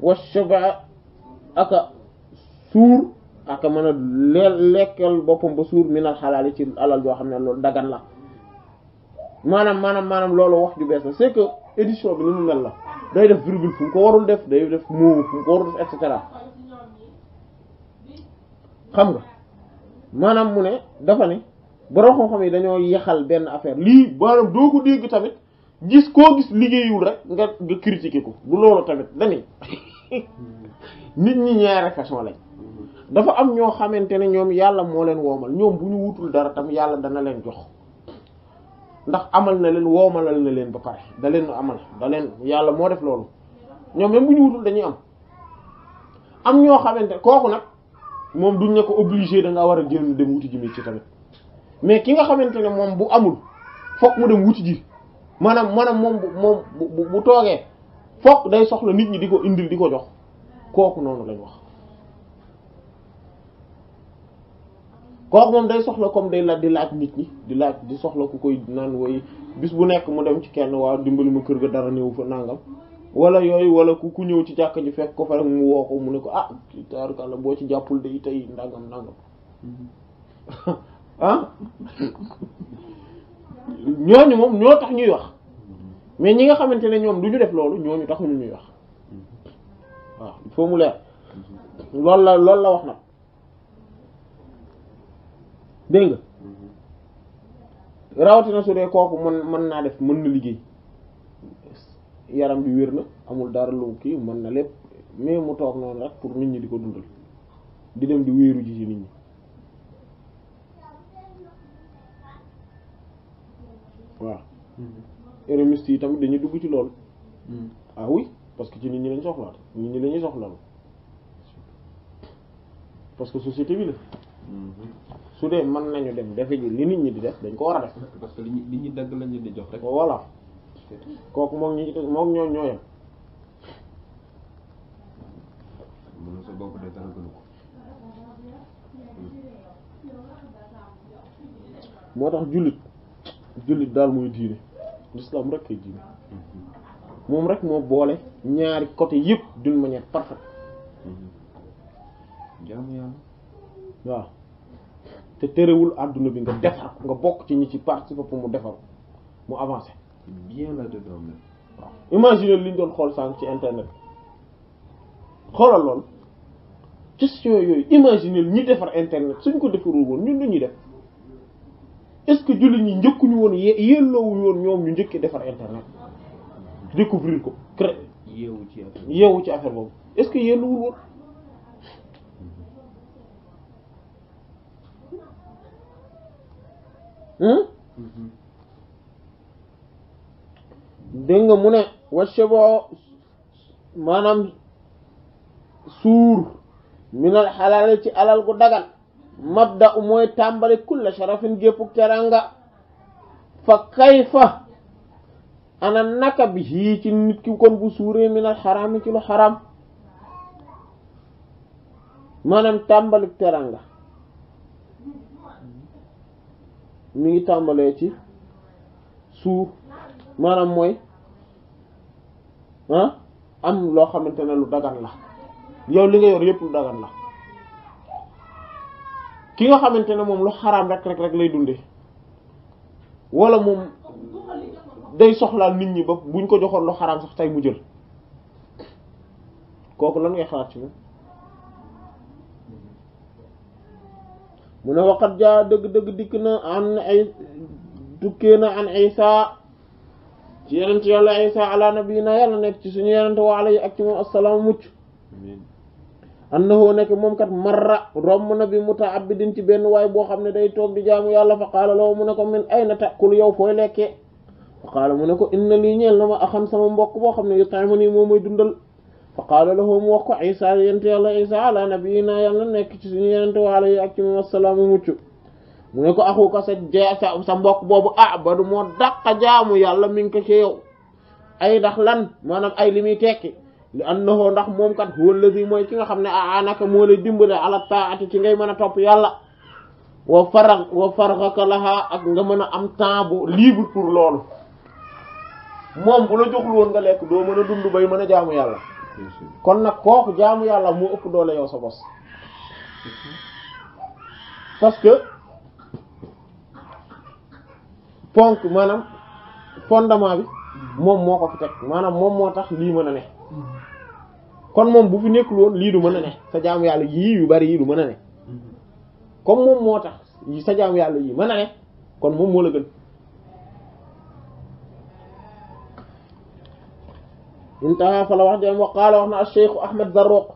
wa shaba aka sur aka man a bopam ba sur min al halal ci alal jo xamne lol dagan la manam manam manam lolou wax ju bes c'est que édition bi ni mel la day def virgule fu ko warul def day def moomu fu ko warul def et cetera xam nga manam mu ne dafa ne borom xam-xam yi dañoo yexal benn affaire lii maanaam doo ko dégg tamit gis koo gis liggéeyul rek nga nga critiquer ko bu loolu tamit dañuy nit ñi ñaari façon lañ dafa am ñoo xamante ne ñoom yàlla moo leen woomal ñoom bu ñu wutul dara tam yàlla dana leen jox ndax amal na leen woomalal na leen ba pare da leen amal da leen yàlla moo def loolu ñoom même bu ñu wutul dañuy am am ñoo xamante kooku nag moom duñ ne ko obligé da nga war a génn dem wuti ji ci tamit. mais ki nga xamante ne moom bu amul fokk mu dem wuti ji maanaam maanaam moom bu toogee fokk day soxla nit ñi di ko indil di ko jox kooku noonu lañ wax. kooku moom day soxla comme day laaj di laaj nit ñi di laaj di soxla ku koy naan woy bis bu nekk mu dem ci kenn waaw dimbali ma kër ga dara néew fa nangam wala yooyu wala ku ku ñëw ci jàkka ji fekk ko fa rek mu woo ko mu ne ko ah taarukàlla boo ci jàppul day tey ndangam ndangam. Mm-hmm. ah ñooñu moom ñoo tax ñuy wax mais ñi nga xamante ne ñoom du ñu def loolu ñooñu taxuñu ñuy wax waaw il faut mu leer loolu la loolu la wax nag dégg nga rawatina su dee kooku mën mën naa def mën na liggéey yaram bi wér na amul dara lu kii mën na lépp mais mu toog noonu rek pour nit ñi di ko dundal di dem di wéeru ji nit ñi waaw érémiste hmm. yi tamit dañuy dugg ci loolu hmm. ah oui parce que ci nit ñi lañ soxlaat nit ñi lañuy soxlaal parce que société bi la su dee mën nañu dem defe ji li nit ñi di def dañ ko war a def parce que li ñuy dagg lañ leen di jox rek voilà kooku moom ñi moom ñoo ñoo yem moo tax jullit jullit daal mooy diine l'islam rek kay diine moom rek moo boole ñaari côté yépp d'une ma parfaite mm-hmm. jaamu yàlla waaw te terewul àdduna bi nga defar nga bokk ci ñi ci participer pour mu defar mu avancer bien là-dedans même li ñu doon xool sànq ci internet xoolal lool question yooyu imagine ñu defar internet suñ ko defarul woon ñun lu ñuy def est-ce que jullit ñi njëkkuñu woon wu woon ñom ñu ñëkke défar internet découvrir ko créé yéwu ci affaire yeewu ci affaire boobu est-ce que yelloowul woon hmm? mm-hmm. dégg nga mu ne wacce manam sur min minal halal ci alal gu dagal mabda u mooy tàmbali kulla sharafin gépp teranga fa kayfa ana naka bi hii ci nit ki kon bu suuree minal xaraam ci lu xaram maanaam tàmbalik teranga mi ngi tàmbalee ci suur maanaam mooy ah, am loo xamante ne lu dagan la yow li nga yor yépp lu dagan la ki nga xamante ne moom lu xaraam rek rek lay dunde wala moom day soxlaal nit ñi ba buñ ko joxoon lu xaraam sax tey mu jël kooku lan ngay xalaat ci moom mu ne waqat jaa dëgg-dëgg dikk na an ay tukkee na an isa ci yenent yàlla isa ala nabi na yàlla nekk ci suñu yenent waala yi ak ci moom assalaamu mucc annahu nekk moom kat marra romb na bi muta'abbidin ci benn waay boo xam ne day toog di jaamu yàlla fa qaala law mu ne ko min ayna ta'kul yow fooy lekkee fa qaala mu ne ko inna lii ñeel na ma axan sama mbokk boo xam ne yut'imuni moom mooy dundal fa qaala lahu mu wax ko isa yent yàlla isa ala nabiyina yàlla nekk ci suñu yenente waala yi ak ci moom assalaamu mucc mu ne ko axuka sa ja sa sa mbokk boobu abadu ah, moo a jaamu yàlla mi ngi ko ci yow ay ndax lan maanaam ay li muy tekki li annahu ndax mom kat huwa allazi moy ki nga xamne ne anaka mo lay dimbale ala taati ci ngay mën top yalla wa farag wa faragaka laha ak nga mën am temps bu libre pour lool mom bu la joxul won nga lek do mën dundu bay mën jaamu yalla kon nak kooku jaamu yàlla moo ëpp doole yow sa boss parce que ponk manam fondement bi mom moko fi teg maanaam moom moo tax kon moom bu fi nekkul woon lii du mën a ne sa jaamu yàlla yii yu bari yii du mën a ne yàlla yii mën kon moom moo la gën intaha fa la wax dem wa qaala wax na ash-shaykh ahmad zarruq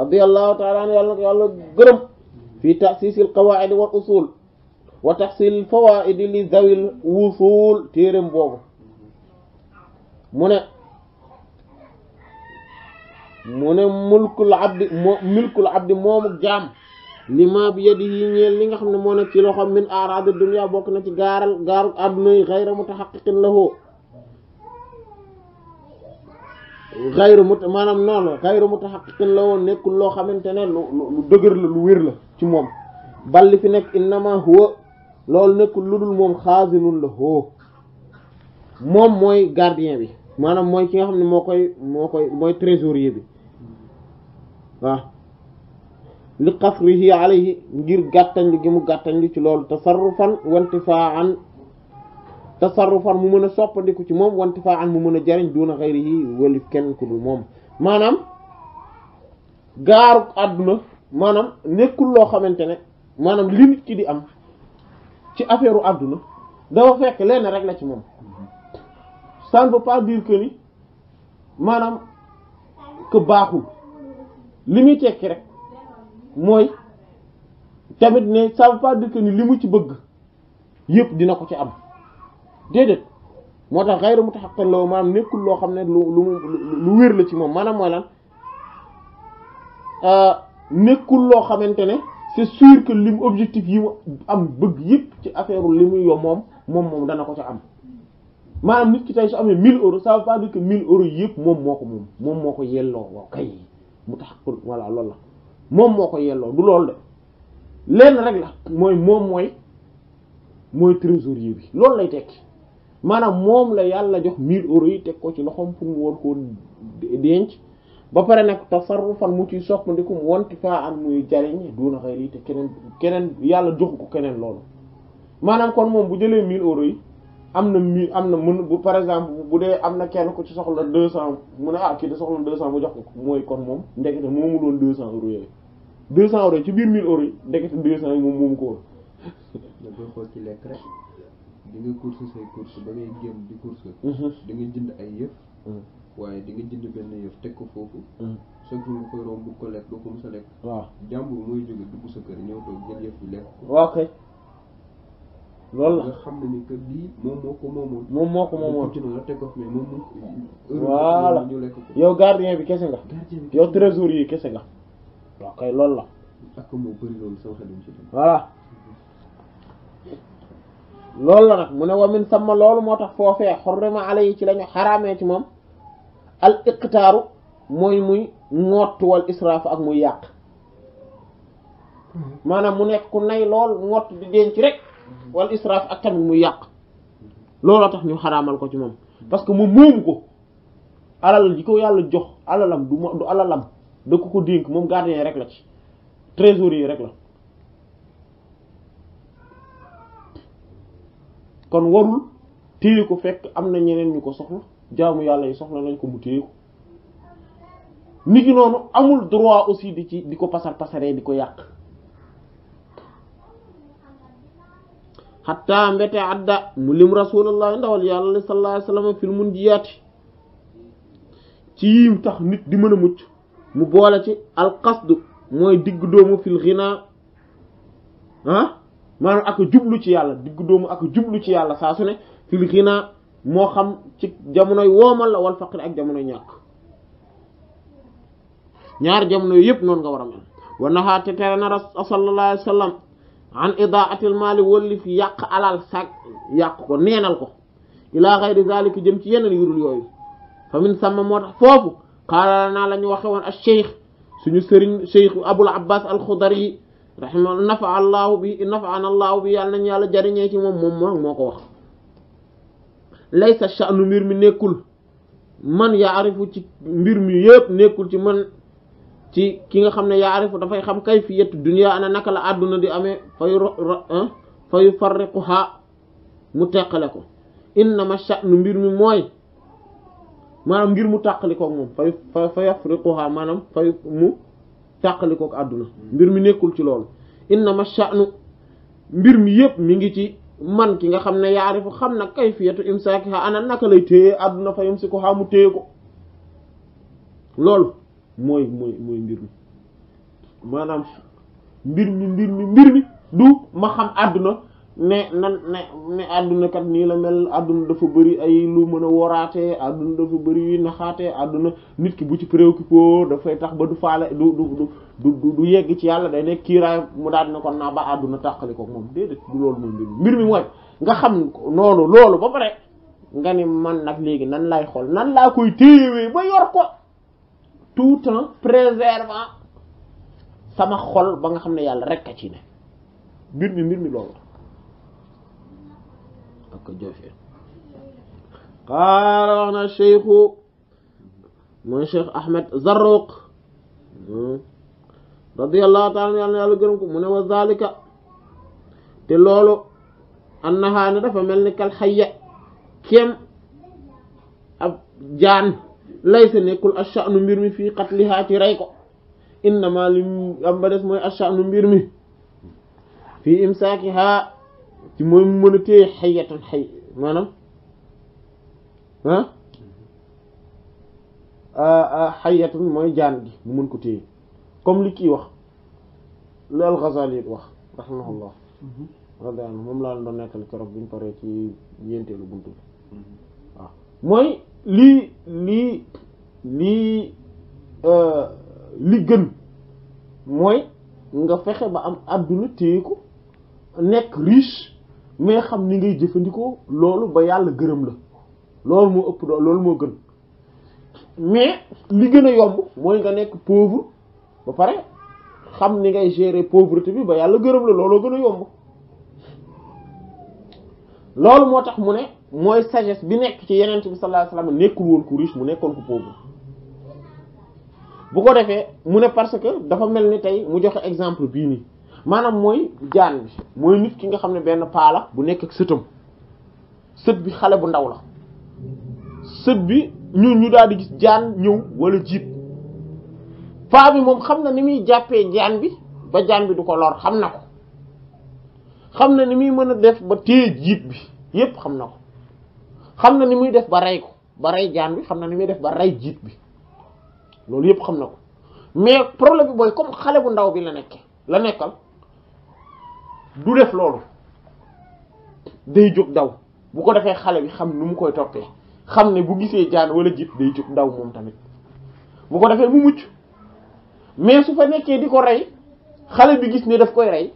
radiyallahu taala yàlla gërëm fi ta'sis al-qawaa'id wal wa tahsil al-fawaa'id li zawil wusul téereem boobu mu ne mune mulkul abdi mulkul abdi mom jam li ma bi yadi ñeel li nga xamne mo moo ci loxam min araada dunya bok na ci garal garu adduna ghayra mutahaqqiqin lahu ghayru mut manam non la xayru mutaxaqiqin lahu nekkul lo xamantene lu deugur la lu wér la ci mom balli fi nekk inma huwa lol nekkul lu mom khazinun lahu mom moy gardien bi manam moy ki nga xamne mokoy mokoy moy trésorier bi waaw li qasrihi alayhi ngir gàttañ li gi mu gàttañ li ci loolu tasarrufan wantifa'an tasarrufan mu mën a soppandiku ci moom wantifa'an mu mën a jariñ duna ghayrihi walif kenn ku dul moom maanaam gaaru àdduna maanaam nekkul loo xamante ne maanaam li nit ki di am ci affaire àdduna dafa fekk lenn rek la ci moom ça ne pas dire que maanaam que baaxul li muy tekki rek mooy tamit ne ça veut pas dire que nii li mu ci bëgg yëpp dina ko ci am déedéet moo tax xayru mu taxaqan law maanaam nekkul loo xam ne lu lu lu wér la ci moom maanaam mooy lan euh, nekkul loo xamante ne c'est sûr que li mu objectif yi mu am bëgg yëpp ci affaire li muy yoo moom moom moom dana ko ca am maanaam nit ki tey su amee 1000 euros yëpp moom moo ko moom moom ko yelloo kay mu tax pour voilà loolu la moom moo ko yelloo du loolu de lenn rek la mooy moom mooy mooy trésorier bi loolu lay tekki maanaam moom la yàlla jox 1000 euros yi teg ko ci loxoom pour mu war koo denc ba pare nag tasarufan mu ciy soppandiku mu wanti faa am muy jariñ duuna xëy te keneen keneen yàlla joxu ko keneen loolu maanaam kon moom bu jëlee 1000 euros yi. am na mi am na mën bu par exemple bu dee am na kenn ku ci soxla deux cent mu a ah kii da soxla deux cent mu jox ko mooy kon moom ndekete moomu doon deux cent euros yooyu deux cent euros ci biir mille euros yi ndekete deux cent yi moom ko da koy xool ci lekk rek di nga course say course ba ngay génn di course. Mhm. di nga jënd ay yëf. Mhm. waaye di nga jënd benn yëf teg ko foofu. Mhm. chaque jour nga koy romb ko lekk doo ko mos a lekk. waaw jàmbur mooy jóge dugg sa kër ñëw toog jël yëf yi lekk. waaw kay. lool la xam ne ni que bii moom moo ko moomoon. moom moo ko yow gardien bi kese nga. yow trésor yi kese nga. waaw kay loolu la. ak moo bëri loolu sama xel la nag mu ne wamin sama loolu moo tax foofee xorrima alayhi ci lañu xaraamee ci moom al iqtaaru mooy muy ngott wal israaf ak muy yàq hmm. maanaam mu nekk ku nay lool ngott di denc rek. Mm-hmm. wal israaf ak tamit muy yàq looloo tax ñu xaraamal ko ci moom parce que moom moomu ko alal ji ko yàlla jox alalam du du alalam da ko ko dénk moom gardien yi rek la ci trésorier rek la kon warul téye ko fekk am na ñeneen ñu ko soxla jaamu yàlla yi soxla nañ ko mu téye ko niki noonu amul droit aussi di ci di ko pasar pasaree di ko yàq xatta mbete adda mu lim rasulullahi ndawal yàlla sallallahu alayhi wasallam fil mun jiyaati ci yim tax nit di mën a mucc mu boole ci alqasdu mooy digg doomu fil xinaa ah maanaam ak jublu ci yàlla digg doomu ak jublu ci yàlla saa su ne fil xinaa moo xam ci jamonoy woomal la wal faqir ak jamonoy ñàkk ñaar jamono yépp noonu nga war a mel wa naxaate tere na sallallahu alayhi عن اضاعه المال ولف يق على الساق يقو نينال كو الى غير ذلك جيم تي ينال يودول يوي فمن ثم مور فوف قال لنا لا ني واخي وون الشيخ سونو سيرين شيخ ابو العباس الخضري رحمه الله نفع الله به نفعنا الله به يالنا يالا جارني تي موم موم مكو واخ ليس شان مير مي نيكول من يعرف تي مير مي ييب نيكول تي من ci ki nga xam ne yaarifu dafay xam kay fi yettu dunia ana naka la àdduna di amee fayu fayu farriquha mu teqale ko innama sha'nu mbir mi mooy maanaam ngir mu tàqali kook moom maanaam fayu mu tàqali mbir mi nekkul ci loolu innama sha'nu mbir mi yépp mi ngi ci man ki nga xam ne yaarifu xam na kay fi yettu imsaakiha ana naka lay téye àdduna fa yumsikuha mu téye ko loolu mooy mooy mooy mbir mi maanaam mbir mi mbir mi mbir mi du ma xam àdduna ne nan ne ne àdduna kat nii la mel àdduna dafa bëri ay lu mën a woraatee àdduna dafa bëri yuy naxaatee àdduna nit ki bu ci préoccupé dafay tax ba du faale du du du du yegg ci yàlla day nekk kiiraay mu daal dina kon naa ba àdduna tàqali ko moom déedéet du loolu mooy mbir mi mbir mooy nga xam noonu loolu ba pare nga ni man nag léegi nan laay xool nan laa koy téyewee ba yor ko tout en préservant sama xol ba nga xamne yàlla rek a ci ne bir bi bir mi loolu ak jofee qaala wax na cheikhu mooy cheikh ahmed zarruq radiallahu taala yàlla na yàlla gërëm ko mu wa zalika te loolu annaha ne dafa melni kal hayya kem ab jaan laysa nekkul asha'nu mbir mi fii qatlihaa ci rey ko innama li am ba des mooy asha'nu mbir mi fii imsaakihaa ci mooy mu mën a téye xayatan xay maanaam ah mooy jaan gi mu mën ko téye comme li kii wax li al-Ghazali wax rahimahullah radiyallahu moom laa doon nekkal keroog bi ñu paree ci yéenteelu buntu mm-hmm. mooy lii lii lii euh, li gën mooy nga fexe ba am àdduna téye ko nekk riche mais xam ni ngay jëfandikoo loolu ba yàlla gërëm la loolu moo ëpp dool loolu moo gën mais li gën a yomb mooy nga nekk pauvre ba pare xam ni ngay gérer pauvreté bi ba yàlla gërëm la looloo gën a yomb loolu moo tax mu ne mooy sagesse bi nekk ci yeneen bi sallallahu alayhi wasallam nekkul woon ku riche mu nekkoon ku pauvre bu ko defee mu ne parce que dafa mel ni tey mu joxe exemple bii nii maanaam mooy jaan bi mooy nit ki nga xam ne benn paala bu nekk ak sëtam sët bi xale bu ndaw la sët bi ñun ñu daal di gis jaan ñëw wala jiib paa bi moom xam na ni muy jàppee jaan bi ba jaan bi du ko lor xam na ko xam na ni muy mën a def ba téye jiib bi yépp xam na ko xam na ni muy def ba rey ko ba rey jaan bi xam na ni muy def ba rey jiit bi loolu yëpp xam na ko mais problème bi mooy comme xale bu ndaw bi la nekke la nekkal du def loolu day jóg daw bu ko defee xale bi xam nu mu koy toppee xam ne bu gisee jaan wala jiit day jóg daw moom tamit bu ko defee mu mucc mais su fa nekkee di ko rey xale bi gis ne daf koy rey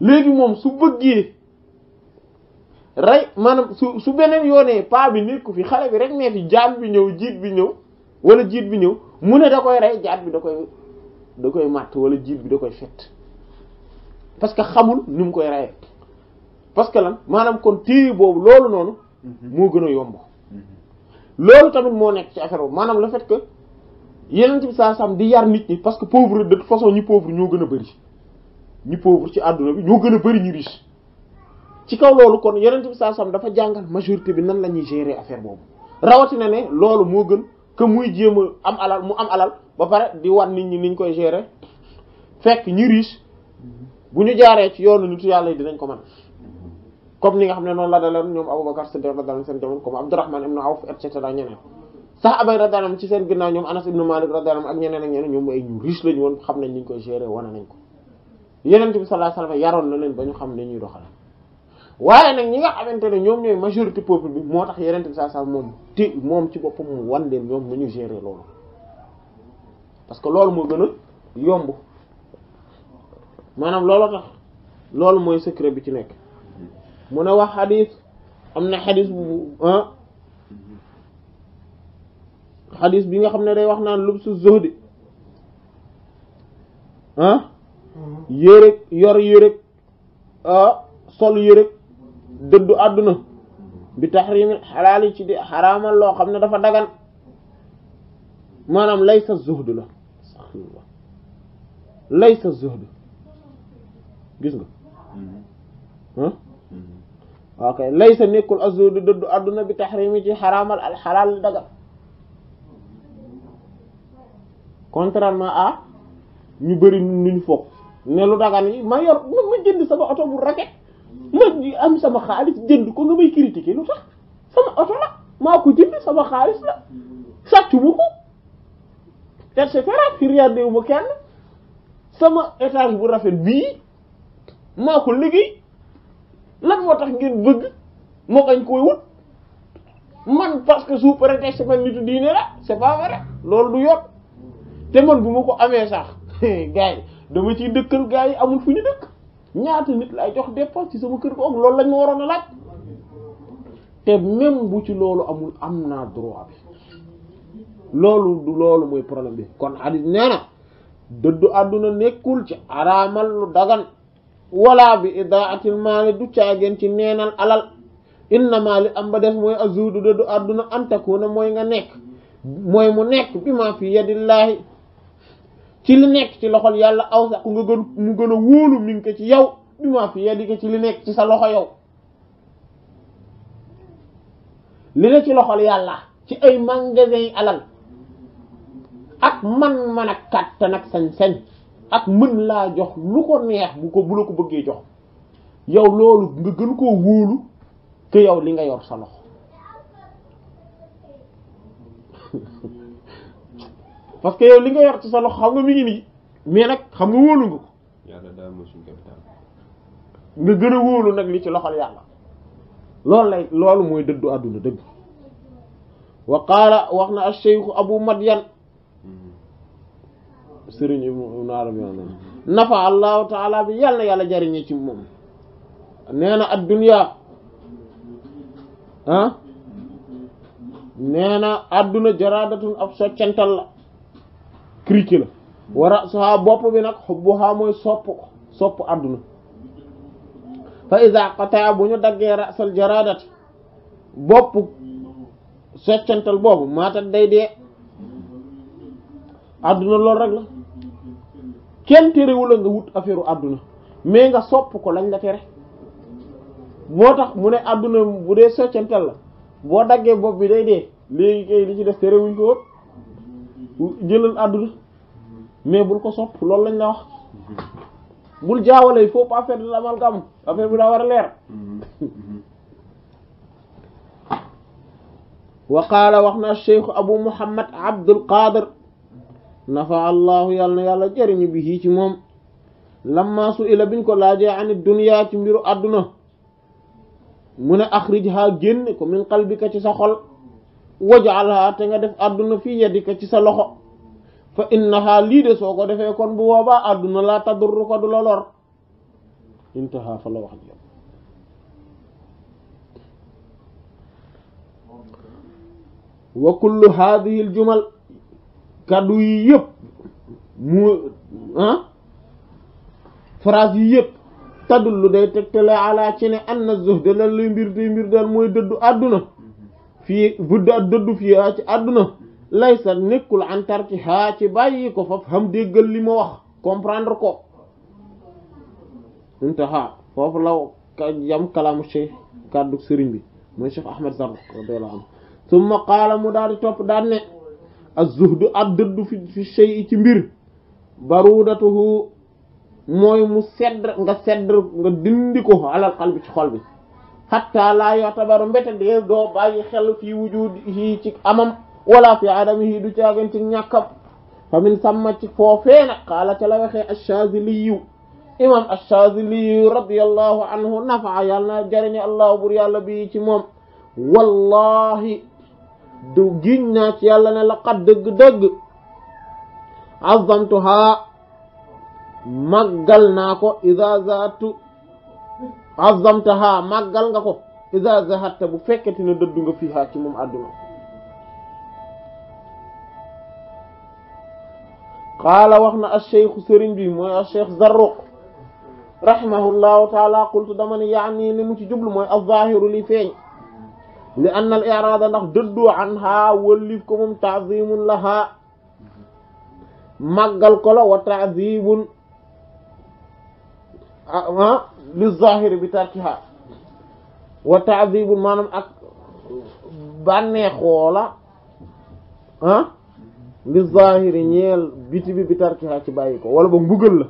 léegi moom su bëggee rey maanaam su su beneen yoonee paa bi nekku fi xale bi rek nee fi jaat bi ñëw jiit bi ñëw wala jiit bi ñëw mu ne da koy rey jaat bi da koy da koy màtt wala jiit bi da koy fett parce que xamul ni mu koy reyee parce que lan maanaam kon téye boobu loolu noonu mhm. moo gën a yomb mhm. loolu tamit moo nekk ci affaire boobu maanaam le fait que yeneen bi saa sam di yar nit ñi parce que pauvre de toute façon ñi pauvre ñoo gën a bari ñi pauvre ci àdduna bi ñoo gën a bari ñu riche ci kaw loolu kon yonent bi saa sam dafa jàngal majorité bi nan lañuy ñuy affaire boobu rawatina ne loolu moo gën que muy jéem a am alal mu am alal ba pare di wan nit ñi niñ koy gérer fekk ñi riche bu ñu jaaree ci yoonu nitu yàlla yi dinañ ko mën comme ni nga xam ne noonu la daloon ñoom Aboubacar Siddiq radiyallahu anhu seen jamono comme Abdourahman ibn Awf et cetera ñeneen saxaaba yi radiyallahu ci seen ginnaaw ñoom Anas ibn Malik radiyallahu anhu ak ñeneen ak ñeneen ñoom ay ñu riche lañu woon xam nañ niñ koy gérer wane nañ ko yonent bi sallallahu alayhi wasallam yaroon na leen ba ñu xam ne ñuy doxal waaye nag ñi nga xamante ne ñoom ñooy majorité peuple bi moo tax yeneen bi saa saa moom ti moom ci boppam mu wan leen ñoom nañu gérer loolu parce que loolu moo gën yomb maanaam looloo tax loolu mooy secret bi ci nekk mu ne wax xadis am na xadis bu ah, xadis bi nga xam ne day wax naan lubsu di ah mm-hmm. yërëg yor yërëg ah, sol yërëg dëddu àdduna bi taxrimil xalaali ci di xaraamal loo xam ne dafa dagan maanaam laysa zuhd la laysa zuhd gis nga ah ok laysa nekkul azuhd dëddu àdduna bi taxrimi ci xaraamal al xalaal li dagan contrairement à ñu bëri nu ñu foog ne lu dagan yi ma ma jënd sama oto bu raket man am sama xaalis jënd ko nga may critiquer lu tax sama auto la maa ko jënd sama xaalis la sàcc mu ko et cetera firiyande wu ma kenn sama étage bu rafet bii maa ko liggéey lan moo tax ngeen bëgg moo kañ koy wut man parce que sous prétexte man nitu diine la c'est pas vrai loolu du yoon te man bu ma ko amee sax gaay dama ciy dëkkal gaay amul fu ñu dëkk ñaata nit lay jox dépense ci sama kër googu loolu lañ ma waroon a laaj te même bu ci loolu amul am naa droit bi loolu mooy problème bi kon hadith nee na dëddu àdduna nekkul ci araamal lu dagan wala bi idaatil maali du caageen ci neenal alal innama li am ba def mooy azudu dëddu àdduna antakuna mooy nga nekk mooy mu nekk bi ma fi yadillaahi ci li nekk ci loxol yàlla aw sax nga gën mu gën a wóolu mi ko ci yow bi ma fi yeddi ko ci li nekk ci sa loxo yow li ne ci loxol yàlla ci ay magasin alal ak man man ak kàttan ak sañ-sañ ak mën laa jox lu ko neex bu ko bu la ko bëggee jox yow loolu nga gën koo wóolu te yow li nga yor sa loxo parce que yow li nga yor sa loxo xam nga mi ngi nii mais nag xam nga wóolu nga nga gën a wóolu nag li ci loxol yàlla. loolu lay loolu mooy dëddu àdduna dëgg. wa qaala wax na ash-shaykh Abu Madyan. Mm-hmm. nafa allahu taala bi yàlla yàlla jariñe ci moom. nee na ad-dunya ah. nee la. criquet la wara soxaa bopp bi nag bu xaa mooy sopp ko sopp àdduna fa isa qataa bu ñu daggee rasal jaradat bopp soccantal boobu maatat day dee àdduna loolu rek la kenn terewu la nga wut affaire àdduna mais nga sopp ko lañ la tere moo tax mu ne àdduna bu dee soccantal la boo daggee bopp bi day dee léegi kay li ci def terewuñ ko jëlal àdduna mais bul ko sopp loolu lañ la wax bul jaawale il faut pas faire de l'amalgame affaire bi daa war a leer wa qaala wax na cheikh abu muhammad abdul qadir nafa allahu yàlla na yàlla jëriñu bi ci moom lamma su ila biñ ko laajee ani dunya ci mbiru àdduna mu ne axrijha génne ko min qalbika ci sa xol waj'alha te nga def adduna fii yadika ci sa loxo fa innaha lii de soo ko defee kon bu boobaa adduna laa tadurru ko du la lor intaha fa la wax ji wa kullu hadhihi jumal kaddu yi yëpp mu ah phrase yi yëpp day tegtale ala ci ne anna zuhd la luy mbir tey mooy dëddu adduna fii budda ak dëddu fii haa ci àdduna laysa nekkul antar ci haa ci bàyyi ko faf xam déggal li ma wax comprendre ko intaha foofu la yam kalaamu cheikh kàddu sëriñ bi mooy cheikh ahmed zarr radiyallahu anhu summa qaala mu daal di topp daan ne az-zuhdu ak dëddu fi fi shay ci mbir barudatuhu mooy mu sedd nga sedd nga dindi ko alal xal ci xol bi xatta laa yotabaru mbéte dee doo bàyyi xel fii wujudihi ci amam wala fi adamihi du caagan ci ñàkkam fa min sàmma ci foofee nag xaala ca la waxee ash-Shaaziliyu imam ash-Shaaziliyu radiyallahu anhu nafa yàlla na jariñe allah bur yàlla bi ci moom wallahi du giñ naa ci yàlla ne laqad dëgg-dëgg azamtuha màggal naa ko ida zaatu azamtaha magal nga ko iza zahatta bu fekkete ne dëddu nga fi ha ci mum aduna qala waxna na shaykh sëriñ bi moy mooy shaykh zarruq rahimahullahu taala qultu dama ne yaani li mu ci djublu moy az-zahiru li feñ li anna al irad ndax dëddu anha wëllif ko mum ta'zimun laha magal ko la wa ta'zibun Ah, ah, li zahiri bi tarkiha wa ta'dhibul maanaam ak bànneexoo la ah li zahiri ñeel biti bi bi tarkiha ci bàyyi ko wala ba mbugal la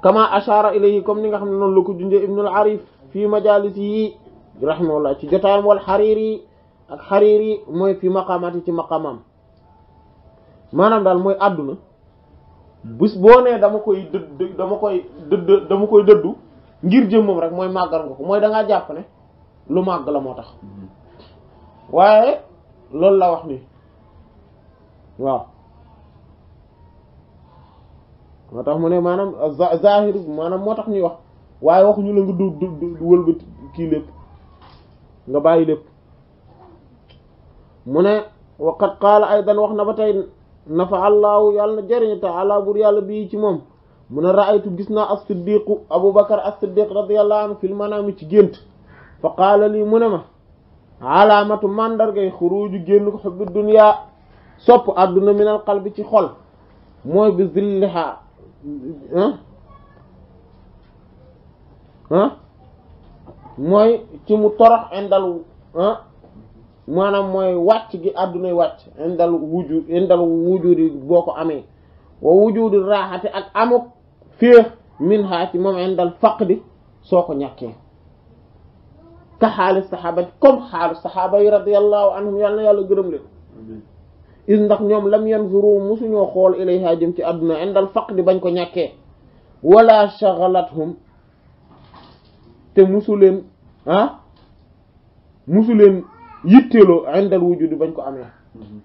kama ashara ilayhi comme ni nga xam ne noonu la ko junjee ibnul arif fii majalis yi rahimahullah ci jotaayam wal xariiri ak xariiri mooy fi maqaamaati ci maqaamam maanaam daal mooy àdduna bés boo nee dama koy dëdd dama koy dëdd dama koy dëddu ngir jëmmam rek mooy màggal nga ko mooy da ngaa jàpp ne lu màgg la moo tax mm-hmm. waaye loolu la wax ni waaw moo tax mu ne maanaam zahir maanaam moo tax ñuy wax waaye waxuñu la nga du du wëlbati kii lépp nga bàyyi lépp mu ne waqat qaala aydan wax na ba tey nafa allahu yàlla na jëriñ taala bur yàlla bii ci moom mu ne raaytu gis naa as-siddiqu abubakar as-siddiq radiyallahu anhu fil manaami ci gént fa qaala lii mu ne ma alaamatu màndargay xuruju génn ko xubbi duniyaa sopp àdduna minal qalbi ci xol mooy bi zilliha ah, ah, mooy ci mu torox indal ah maanaam mooy wàcc gi àddunay wàcc indal wujud indal wujudi boo ko amee wa wujudi raaxate ak amuk féex min haa ci moom soo ko ñàkkee ka xaali saxaaba comme xaalu saxaaba yi radiallahu anhum yàlla yàlla gërëm leen is ndax ñoom lam yan yanzuru musuñoo xool ilayha jëm ci àdduna indal faqdi bañ ko ñàkkee wala shagalathum te musu leen ah yittelo andal wujudi bañ ko amé mm-hmm.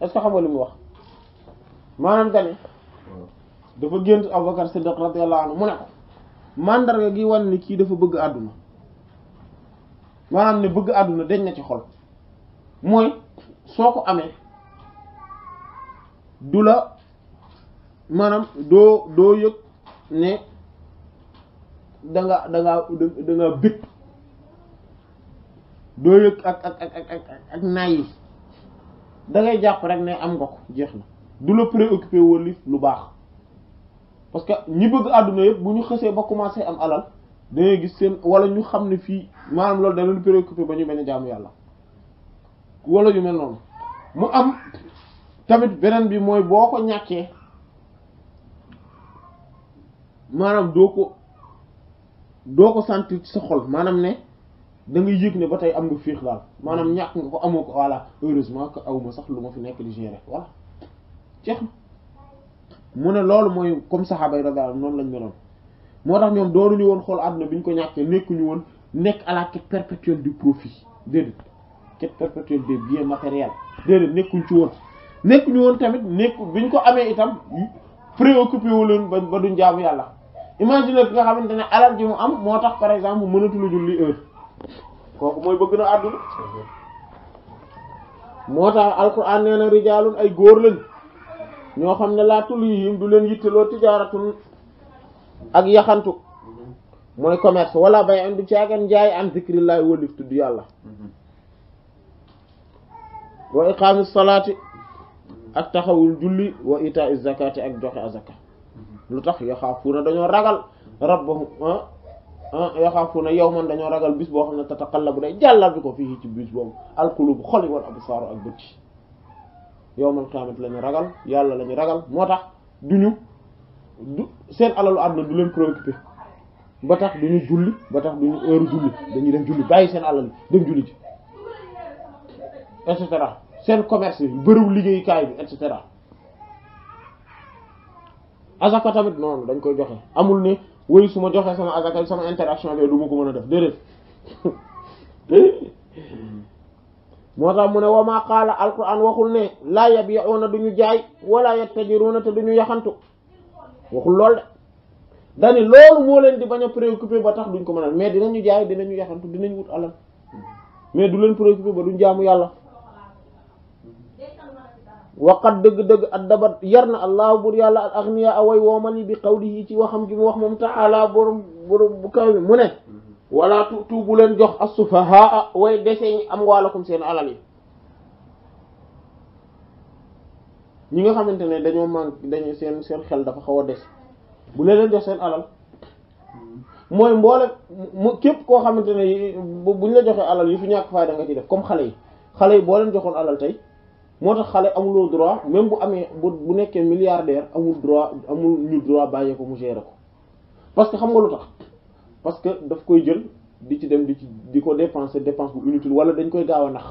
est-ce que xam nga li wax manam dane dafa gént Abubakar Siddiq radiyallahu anhu muné ne ko gi wan ni kii dafa bëgg aduna manam ne bëgg aduna dañ na ci xol moy soko ko dula manam do do yëk ne da nga da nga da nga bëgg doo yëg ak ak ak ak ak naay jàpp rek ne am nga jeex na du la préoccupé wëlif lu baax parce que ñi bëgg àdduna yëpp bu ñu xësee ba commencé am alal dangay gis seen wala ñu xam ne fii maanaam loolu da leen préoccupé ba ñu bañ a jaamu yàlla wala yu mel noonu mu am tamit beneen bi mooy boo ko ñàkkee maanaam doo ko doo ko sentir ci sa xol maanaam ne da ngay yëg ne am nga fiix daal manam ñak nga ko amoko wala heureusement ko awuma sax luma fi nek li gérer wala jeex na mu ne loolu mooy comme sahaba yi radiyallahu anhum noonu lañ meloon moo tax ñoom doonuñu woon xool àdduna bi ñu ko ñaké nekku ñu won nek la quête perpétuelle du profit déedéet quête perpétuel des biens matériels nekku ñu ci won nekku ñu won tamit nekku biñ ko amé itam préoccupé wu leen ba ba duñ jaamu yàlla imagine ki nga xamantene ne alal ji mu am motax par exemple mënatula julli heure kooku mooy bëgg na àdduna mhm. moo tax alquran nee na ay góor lañ ñoo xam ne laa tulihim du leen yitteloo tijaaratun ak yaxantu mhm. mooy commerce wala bay am du caagan jaay am zikrillahi wëlif tudd yàlla mhm. wa iqaami salaati ak taxawul julli wa itaa zakati ak joxe azaka lu tax yaxaafuna dañoo ragal rabbahum ah, na ah, yaxaafuna man dañoo ragal bis boo xam ne tataqallabu day jàllar bi ko fii ci bis boobu alqulubu xol yi wal absaaru ak bët yi yawmal qiyaamati la ragal yàlla la ragal moo tax duñu du seen alalu àdduna du leen préoccupé ba tax duñu julli ba tax duñu heure julli dañuy dem julli bàyyi seen alal dem julli ci et cetera seen commerce bi bëriw liggéeyukaay bi et cetera azaka tamit noonu dañ koy joxe amul ne woy su ma joxee sama azaka sama interaction bi du ma ko mën a def déedéet moo tax mu ne wa maa qaala alquran waxul ne laa yabi'una duñu jaay wala yattajiruna te duñu yaxantu waxul lool de dani loolu moo leen di bañ a préoccupé ba tax duñ ko mën a mais dinañu jaay dinañu yaxantu dinañ wut alal mais du leen préoccupé ba duñ jaamu yàlla wax at dëgg-dëgg addabat yar na allah bur yàlla al aghniya away woomal yi bi qawlihi ci waxam ji mu wax moom taala borom borom bu kaw mi mu ne wala tutu bu leen jox as-sufahaa way deseñ am waalakum seen alal ñi nga xamante ne dañoo man dañu seen seen xel dafa xaw a des bu leen leen jox seen alal mooy mboole mu képp koo xamante ne buñ la joxee alal yi fi ñàkk fayda nga ci def comme xale yi xale yi boo leen joxoon alal tey moo tax xale amuloo droit même bu amee bu bu nekkee milliardaire amul droit amul ñu droit bàyyee ko mu gérer ko parce que xam nga lu tax parce que daf koy jël di ci dem di ci di ko dépenser dépense bu inutile wala dañ koy gaaw a nax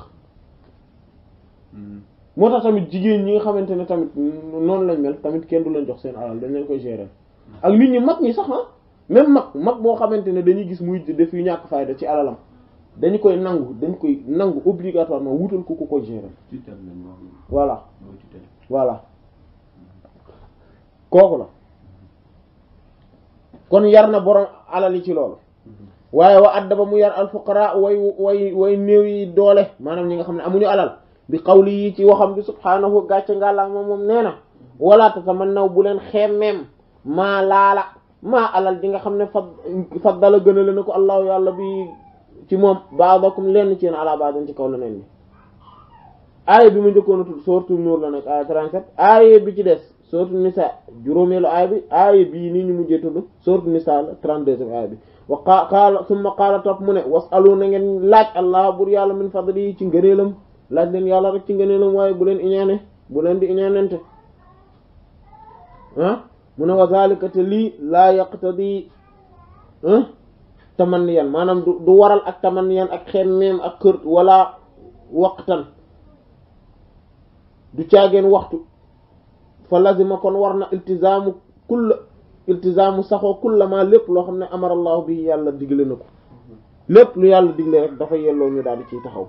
hmm. moo tax tamit jigéen ñi nga xamante ne tamit noonu lañ mel tamit kenn du leen jox seen alal dañ leen koy gérer ak nit ñi mag ñi sax ah même mag mag boo xamante ne dañuy gis muy def yu ñàkk fayda ci alalam. dañu koy nangu dañ koy nangu obligatoirement wutal ku ko ko gérer voilà voilà kooku la kon yar na borom alal yi ci loolu mhm. waaye wa addaba mu yar alfuqara way way way néew yi doole maanaam ñi nga xam ne amuñu alal bi xawli yi ci waxam bi subhaanahu gàcce ngàllaa moom moom nee na ko wala naw bu leen xemmeem maa laala maa alal di nga xam ne fa faddala gën a leen ko allahu yàlla bi ci moom ba'dakum lenn ci a la ba a kaw leneen ni aaya bi mu njëkkoon a tudd sourate Nuur la nekk aaya 37 aaya bi ci des sourate Nisaa juróomeelu aaya bi aaya bii nii ñu mujjee tudd sourate Nisaa la 32e aaya bi wa qaala summa qaala topp mu ne wasalu na ngeen laaj allah bur yàlla min fadli ci ngëneelam laaj leen yàlla rek ci ngëneelam waaye bu leen iñaane bu leen di iñaanente ah mu ne wa zalika te lii laa yaqtadi ah tamanniyan maanaam du du waral ak tamanniyan ak mem ak kër wala waqtan du caageen waxtu fa lazima kon war na iltizaamu kulla iltizaamu saxoo kulla ma lépp loo xam ne amara allahu bi yàlla digle na ko lépp lu yàlla digle rek dafa yelloo ñu daal di ciy taxaw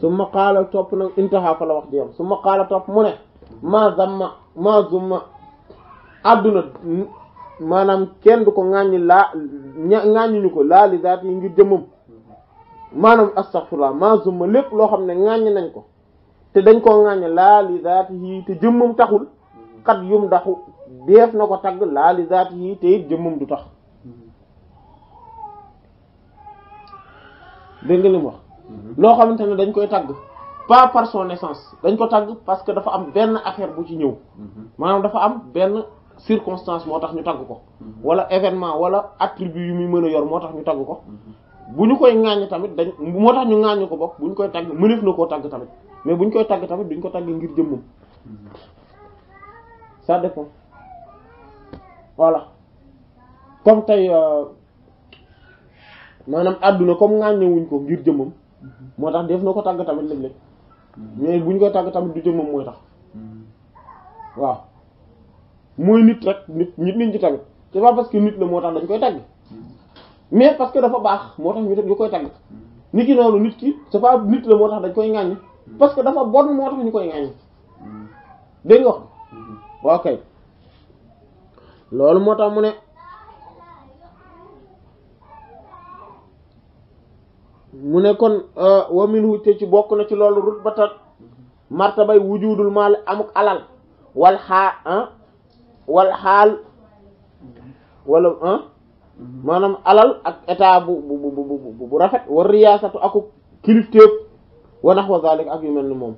su qaala topp nag intaha fa la wax ji yam su ma qaala topp mu ne ma zamma ma zumma àdduna maanaam kenn du ko ŋàññi laa ŋàññiñu ko laa li zaat yi ngir jëmmam maanaam astaghfirullah mazuma lépp loo xam ne ŋàññi nañ ko te dañ koo ŋàññi laa li zaat yi te jëmmam taxul kat yum daxu deef na ko tagg laa li zaat yi te it jëmmam du tax dégg nga wax mhm. loo xamante ne dañ koy tagg pas par son dañ ko tagg parce que dafa am benn affaire bu ci ñëw mhm. maanaam dafa am benn circonstance moo tax ñu tagg ko mhm. wala événement wala attribut yu muy mën a yor moo tax ñu tagg ko mhm. bu ñu koy ŋaañ tamit dañ moo tax ñu ŋaañ ko bokk bu ñu koy tagg mëneef na koo tagg tamit mais bu ñu koy tagg tamit duñ ko tagg ngir jëmmam mhm. ça voilà comme tey euh, maanaam àdduna comme ŋaañe ko ngir jëmmam moo tax def na ko tagg tamit léeg-léeg mais bu ñu tamit du jëmmam mooy tax waaw mooy nit rek nit nit nit tamit c'est pas parce nit la moo tax dañ koy tagg mais parce que dafa baax moo tax ñu koy tagg nit ki noonu nit ki c'est pas nit la moo tax dañ koy ŋàññ parce que dafa bon moo tax ñu koy ŋàññ loolu moo tax mu ne mu ne kon euh, wa minhu te ci bokk na ci loolu rut ba tat martabay wujudul maal amuk alal wal xaa wal hal wala ah, mhm. manam alal ak eta bu bu bu bu rafet war riyaasatu aku kilifteef wa zalik ak yu mel mom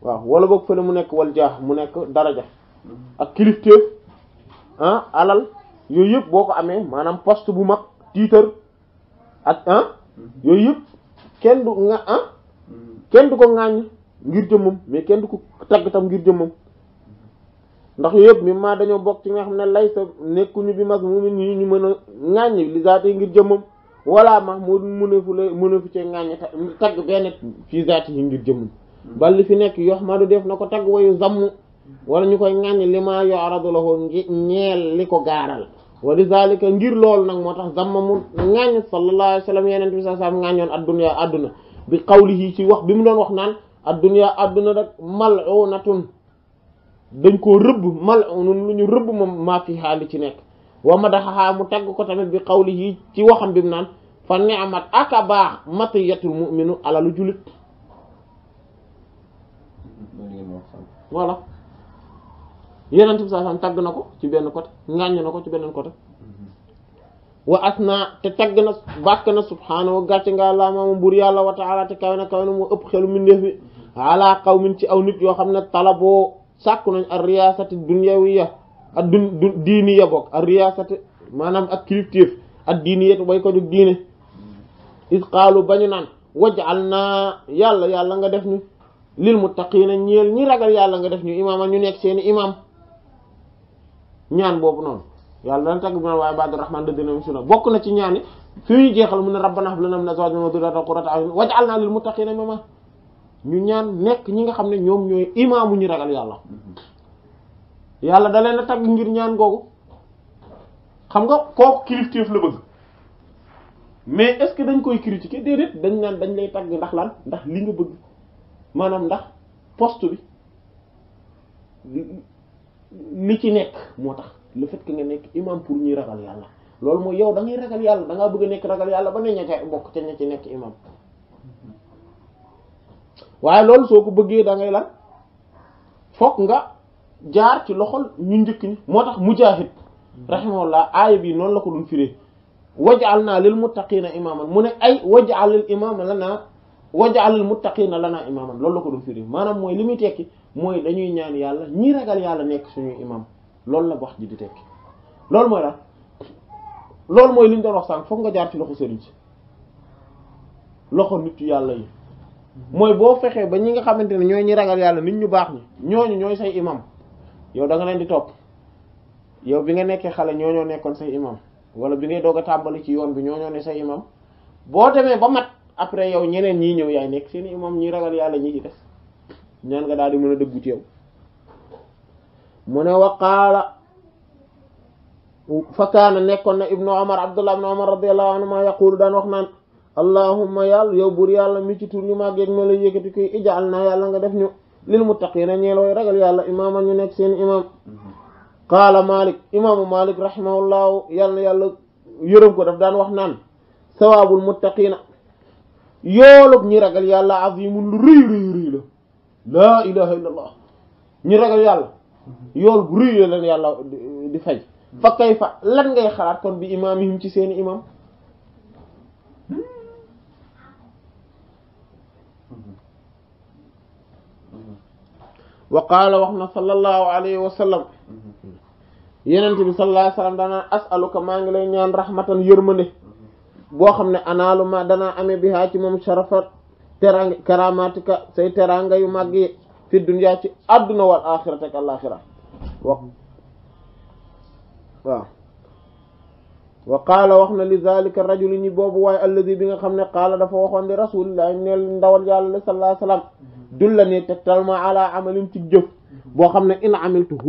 wa wala bok fele mu nek wal jah mu nek daraja mhm. ak kilifteef ah alal yoy yep boko amé manam poste bu mak tiitër ak ah mhm. yoy yep kenn du nga ah kenn du ko ngagn ngir jëmmam mais kenn du ko tagg tam ngir jëmmam ndax yëpp mi maa dañoo bokk ci nga xam ne laysa nekkuñu bi mas mumin yi ñu mën a ŋàññi li zaati ngir jëmmam wala ma moo mënefu la mënefu ci ŋàññi tagg benn fii zaati yi ngir jëmmam bal li fi nekk yox ma du def na ko tagg wayu zammu wala ñu koy ŋàññi li yoo yoradu la ko ñeel li ko gaaral wa li zalika ngir loolu nag moo tax zamma mu ŋàññ sallallahu alayhi wa sallam yeneen bi sallallahu alayhi wa sallam ŋàññoon adduna adduna bi qawlihi ci wax bi mu doon wax naan adduna adduna rek mal'unatun dañ koo rëbb ma lu ñu rëbb moom maa fi xaali ci nekk wa madaxahaa mu tagg ko tamit bi qawlihi ci waxam bi mu naan fa ni'mat aka baax matiyatul mu'minu alalu jullit voilà yenent bi saa tagg na ko ci benn côté ngàññ na ko ci beneen côté wa asna te tagg na bàkk na subhaanahu gàcce nga laa maama buur yàlla wa taala te kawe na kawe ëpp xelu mindeef bi ala qawmin ci aw nit yoo xam ne talaboo sàkku nañ ar riyaasati dunyawiya ak du diiniya bokk a riyaasati maanaam ak kilifteef ak diiniyatu bay ko jug diine is qaalu bañu naan wajal naa yàlla yàlla nga def ñu lil muttaqiina ñeel ñi ragal yàlla nga def ñu imaama ñu nekk seeni imaam ñaan boobu noonu yàlla dana tagg bi naan waaye baadu rahman da dina suna bokk na ci ñaani fi ñu jeexal mu ne rabbana hab lana min azwaajina wa dhurriyyatina qurrata a'yun waj'alna lil muttaqiina imaama ñu ñaan nekk ñi nga xam ne ñoom ñooy imaamu ñu ragal yàlla yàlla da na a tagg ngir ñaan googu xam nga kooku kilifteef la bëgg mais est-ce que dañ koy critiquer déedéet dañ naan dañ lay tagg ndax lan ndax li nga bëgg maanaam ndax poste bi li ci nekk moo tax le fait que nga nekk imam pour ñuy ragal yàlla loolu mooy yow da ngay ragal yàlla da bëgg a nekk ragal yàlla ba ne ña ca bokk te ña ci nekk imam waaye loolu soo ko bëggee dangay ngay lan fokk nga jaar ci loxol ñu njëkk ñi moo tax mujaahid rahimahullah aaya bi noonu la ko doon firee waj'alna lil muttaqina imaman mu ne ay waj'al lil imama lana waj'al lil na lana imaman loolu la ko doon firee maanaam mooy li tekki mooy dañuy ñaan yàlla ñi ragal yàlla nekk suñuy imam loolu la wax ji di tekki loolu mooy la loolu mooy li ñu doon wax nga jaar ci loxo sëriñ si loxo nitu yàlla yi mooy boo fexee ba ñi nga xamante ne ñooy ñi ragal yàlla nit ñu baax ñi ñooñu ñooy say imam yow da nga leen di topp yow bi nga nekkee xale ñoo ñooñoo nekkoon say imam wala bi ngay doog tàmbali ci yoon bi ñooñoo ne say imam boo demee ba mat après yow ñeneen ñii ñëw yaay nekk seen imam ñi ragal yàlla ñi ci des ñaan nga daal di mën a dëggu ci yow mu ne waqaala fa kaana nekkoon na ibnu omar abdullah ibnu omar radiyallahu anhu ma yaqulu daan wax naan allahumma yàlla yow buur yàlla mi ci tur yu màgg yeeg melo yëkkati koy ijaal naa yàlla nga def ñu lil muttaqina ñeel way ragal yàlla imaaman ñu nekk seen imaam qaala malik imaamu malik rahimahullahu yàlla na yàlla ko daf daan wax naan sawaabul muttaqina yoolub ragal yàlla azimun lu rëy rëy rëy la laa ilaha ñi ragal yàlla yool bu rëy la di fay fa kay fa lan ngay xalaat kon bi imaamihim ci seeni imaam وقال وخنا صلى الله عليه وسلم يننتي صلى الله عليه وسلم دانا اسالوك ماغ لاي نيان رحمتان يرمني بو خامني انا لما دانا امي بها تي موم شرفا تيرانغ كراماتك سي تيرانغ يو ماغي في الدنيا تي ادنا والاخره تك الاخره وا آه. وقال واخنا لذلك الرجل ني بوبو واي الذي بيغا خامني قال دا فا واخون دي رسول الله نيل ندوال يالا صلى الله عليه وسلم دولني تكتلما على عمل تي جف بو خامني ان عملته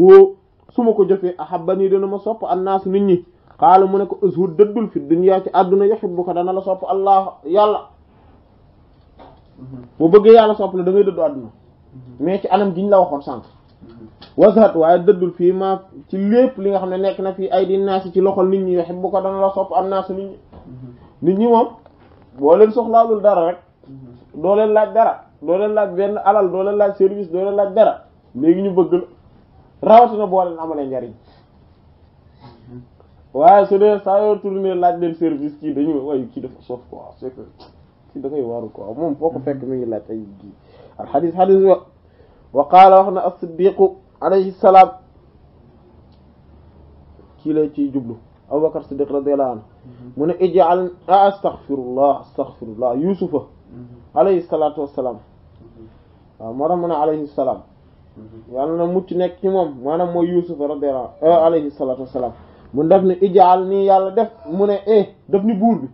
سومكو جفي احبني دنا ما صوب الناس نيت ني قال منكو ازور ددول في الدنيا تي ادنا يحبك دنا لا صوب الله يالا بو بغي يالا صوب لا داغي ددو ادنا مي تي انام دين لا واخون سانك wasat waaye dëddul fii ma ci lépp li nga xam ne nekk na fii ay di naasi ci loxol nit ñi yoxe bu ko dana la sopp am naasu nit ñi mhm. nit moom boo leen soxlaalul dara rek mhm. doo leen laaj dara doo leen laaj benn alal doo leen laaj service doo leen laaj dara léegi ñu bëgg rawatina boo leen amalee njariñ mhm. waaye su dee saa yoo tourné laaj leen service kii dañu waaye kii dafa soof quoi c'est que kii dafay waaru quoi moom foo ko fekk mi ngi laaj ay gi عليه السلام كيلي تي جبلو ابو بكر الصديق رضي الله عنه من اجعل استغفر الله استغفر الله يوسف عليه الصلاه والسلام مرام من عليه السلام يالنا موت نيك تي موم مانام مو يوسف رضي الله عليه الصلاه والسلام من دفن اجعلني يالا دف من ايه دفني بور بي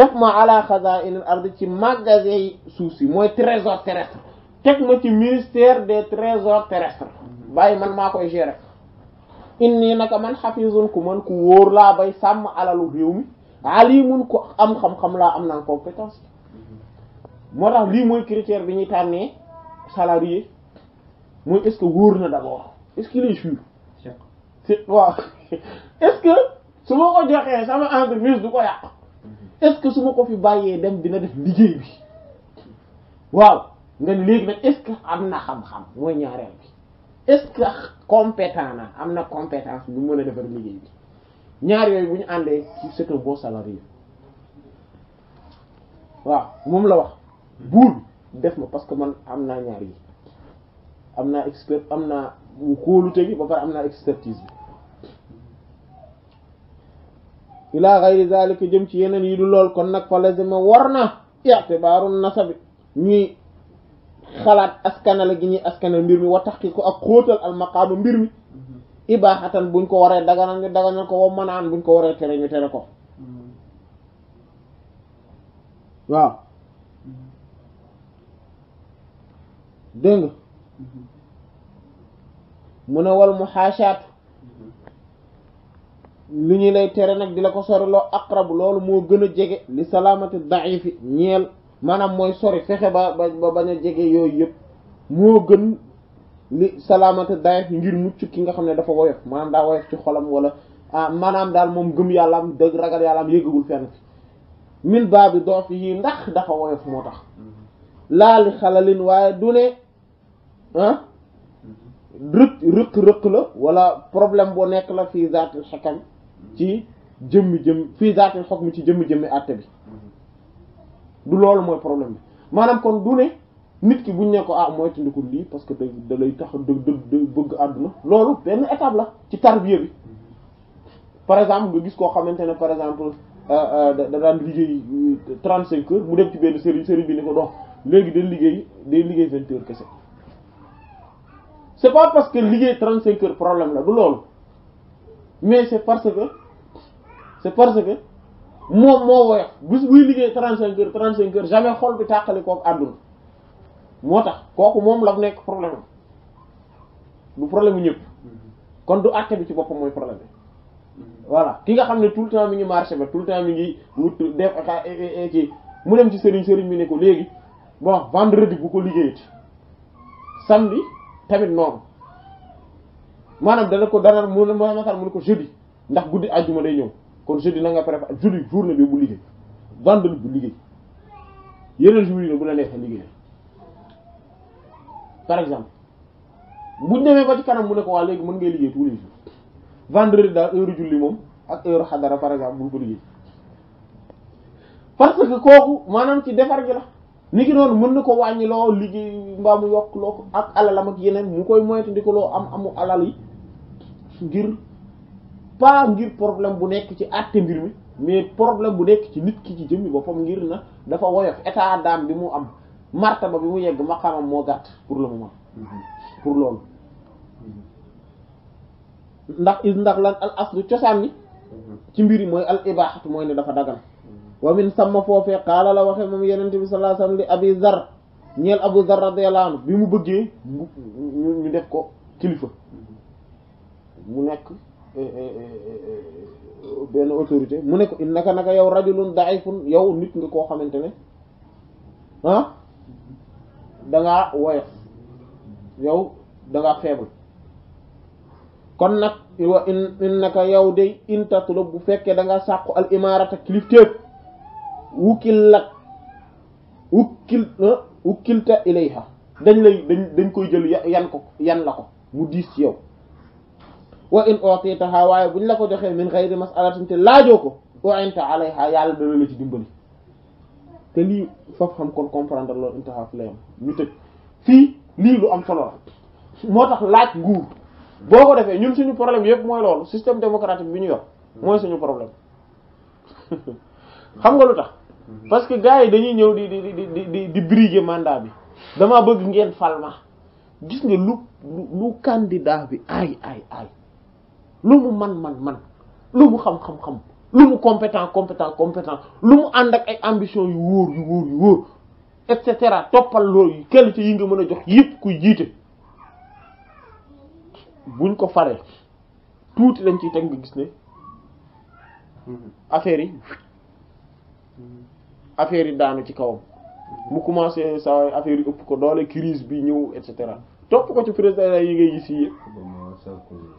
def ma ala khazain al ard ci magasin souci moy trésor terrestre tek ma ci ministère des trésors terrestres bàyyi man maa koy gérer nii nag man xafizun ku man ku wóor laa bay sàmm alalu réew mi alimun ku am xam-xam laa am na compétence moo tax lii mooy critère bi ñuy tànnee salarié mooy est-ce que wóor na d'abord est su ma ko joxee sama entreprise du ko yàq mm-hmm. est su ma ko fi bàyyee dem dina def liggéey bi waaw nga léegi nag est am na xam-xam mooy ñaareel bi est-ce que compétent na am na compétence bu mën a defar liggéey bi ñaar yooyu bu ñu àndee ci c'est un bon salarié waaw moom la wax buur def ma parce que man am naa ñaar yi am naa expert am naa kóolute gi ba pare am naa expertise laa ila ghayri zalika jëm ci yeneen yi du lool kon nag fa lazima war na i'tibaru nasabi ñuy xalaat askanale gi ñuy askanal mbir mi wa taxqiiqu ak xóotal al mbir mi mm-hmm. ibaaxatan buñ ko waree daganal ñu daganal ko wa manaan buñ ko waree tere ñu tere ko mm-hmm. waaw mm-hmm. dégg mu ne wal muhaashaat li ñu lay tere nag di la ko soriloo aqrab loolu moo gën a jege li salaamati daifi ñeel maanaam mooy sori fexe ba ba bañ a jege yooyu yëpp moo gën li salaamata dayef ngir mucc ki nga xam ne dafa woyof maanaam daa woyof ci xolam wala ah maanaam daal moom gëm yàllaam dëgg ragal yàllaam yéggagul fenn fi min baa bi doof yi ndax dafa woyof moo tax laali xalalin waaye du ne ah, rëq rëq rëq la wala problème boo nekk la fii zaatil xakam ci jëmmi jëmm fii zaatil xokk mi ci jëmmi jëmmi àtte bi du lolu moy problème bi maanaam kon du ne nit ki buñ ne ko ah mooy tindikul li parce que da da lay tax da bëgg aduna lolu ben étape la ci tarbiya bi par exemple nga gis koo xamante par exemple euh, euh, da daan liggéey 35 euh, heures mu dem ci benn série série bi ni ko dox léegi day liggéey day liggéey 20 heures kese c'est pas parce que liggéey 35 heures problème la du lolu mais c'est parce que c'est parce que moom moo woyof bis buy liggéey trente cinq heures trente cinq jamais xol bi tàqali kook àdduna moo tax kooku moom la nekk problème du problème bu ñëpp kon du àtte bi ci boppam mooy problème bi ki nga xam ne tout le temps mi ngi marché ba tout le temps mi ngi wut e, e, e, mu dem ci sëriñ sëriñ ne ko léegi bon vendredi bu ko liggéeyati samedi tamit noonu maanaam dana ko dana mu ne maanaam mu ne ko jeudi ndax guddi àjjuma day ñëw. kon jeudi na nga préparé jeudi journée bi bu liggéey vendredi bu liggéey yeneen jour yi bu la mune liggéey par exemple bu ñëwé ba ci kanam mu ne ko wa légui mën ngay liggéey tous les jours vendredi da heure julli mom ak heure hadara par exemple bu ko liggéey parce que koku manam ci défar gi la ni ki mën nako ko lo liggéey mu yokk ak alalam ak yeneen mu koy moytu am amu alal yi ngir pas ngir problème bu nekk ci àtte mbir mi mais problème bu nekk ci nit ki ci jëmmi boppam ngir na dafa woyof état d'âme bi mu am martaba bi mu yegg maqamam moo gàtt pour le moment pour loolu ndax is ndax lan al aslu cosaan ni ci mbir yi mooy al ibaaxatu mooy ne dafa dagal wa min sama foofee xaala la waxee moom yenente bi sallallahu alayhi wasallam li abi zar ñeel abu zar radiyallahu bi mu bëggee ñu def ko kilifa mu nekk ben autorité mu ne ko innaka naka yow rajulun da'ifun yow nit nga ko xamantene ne ah, da nga woyof yow da nga faible kon nak wa innaka yow de inta tulub bu fekke da nga sàqu al imarata klifte wukil lak wukil wukkil ah, wukilta ilayha dañ lay dañ koy jël ya-, yan ko yan lako mu dis ci yow wa in utitaha waaye buñ la ko joxe min ghayri mas'alatin te laajoo wa anta alayha yal dana la ci dimbali te li fof xam kon comprendre lo intaha fi la yam ñu tëj fii lii lu am solo motax moo laaj nguur boko defé ñun suñu problème yépp moy lool système démocratique bi ñu yox moy suñu problème xam nga lutax parce que gaay dañuy ñëw di di di di di briguer mandat bi dama bëgg ngeen falma gis nga lu lu candidat bi ay ay ay lu mu man man man lu mu xam-xam-xam lu mu compétent compétent compétent lu mu ànd ak ay ambition yu wóor yu wóor yu wóor et cetera toppal loolu qualité yi nga mën a jox yëpp kuy jiite buñ ko faree tuuti lañ ciy teg nga gis ne affaire yi affaire yi daanu ci kaw mu commencé sa affaire yi ëpp ko doole crise bi ñëw et cetera topp ko ci président yi ngay gis yi yëpp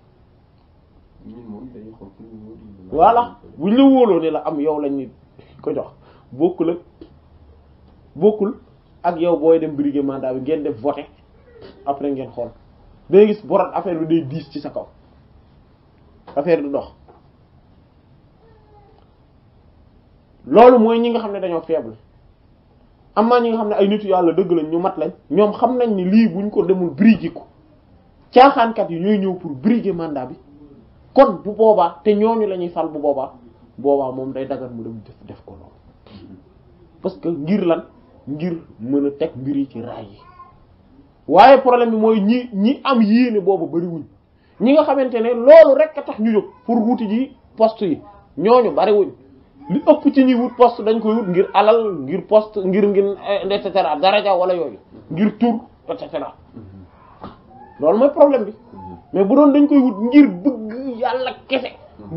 voilà buñ la wóoloo ne la am yow lañu ni ko jox bokkul ak bokkul ak yow booy dem briguer mandat bi ngeen def voté après ngeen xool day gis borat affaire bi day diis ci sa kaw affaire du dox loolu mooy ñi nga xam ne dañoo faible am na ñi nga xam ne ay nitu yàlla dëgg lañ ñu mat lañ ñoom xam nañ ni lii buñ ko demul briguer ko caaxaankat yi ñooy ñëw pour briguer mandat bi kon bu boba te ñooñu la sal bu boba boba mom day dagal mu dem def def ko lool parce que ngir lan ngir mëna tek teg mbir yi ci ray yi waye problème bi moy ñi ñi am bobu bari wuñ ñi nga xamantene loolu rek a tax ñu jox pour wuti ji poste yi ñooñu wuñ li ëpp ci ñi wut poste dañ koy wut ngir alal ngir poste ngir ngin et cetera ja wala yooyu ngir tur et cetera mm-hmm. lool moy problème bi mm-hmm. mais bu doon dañ koy wut ngir bëgg. yàlla kese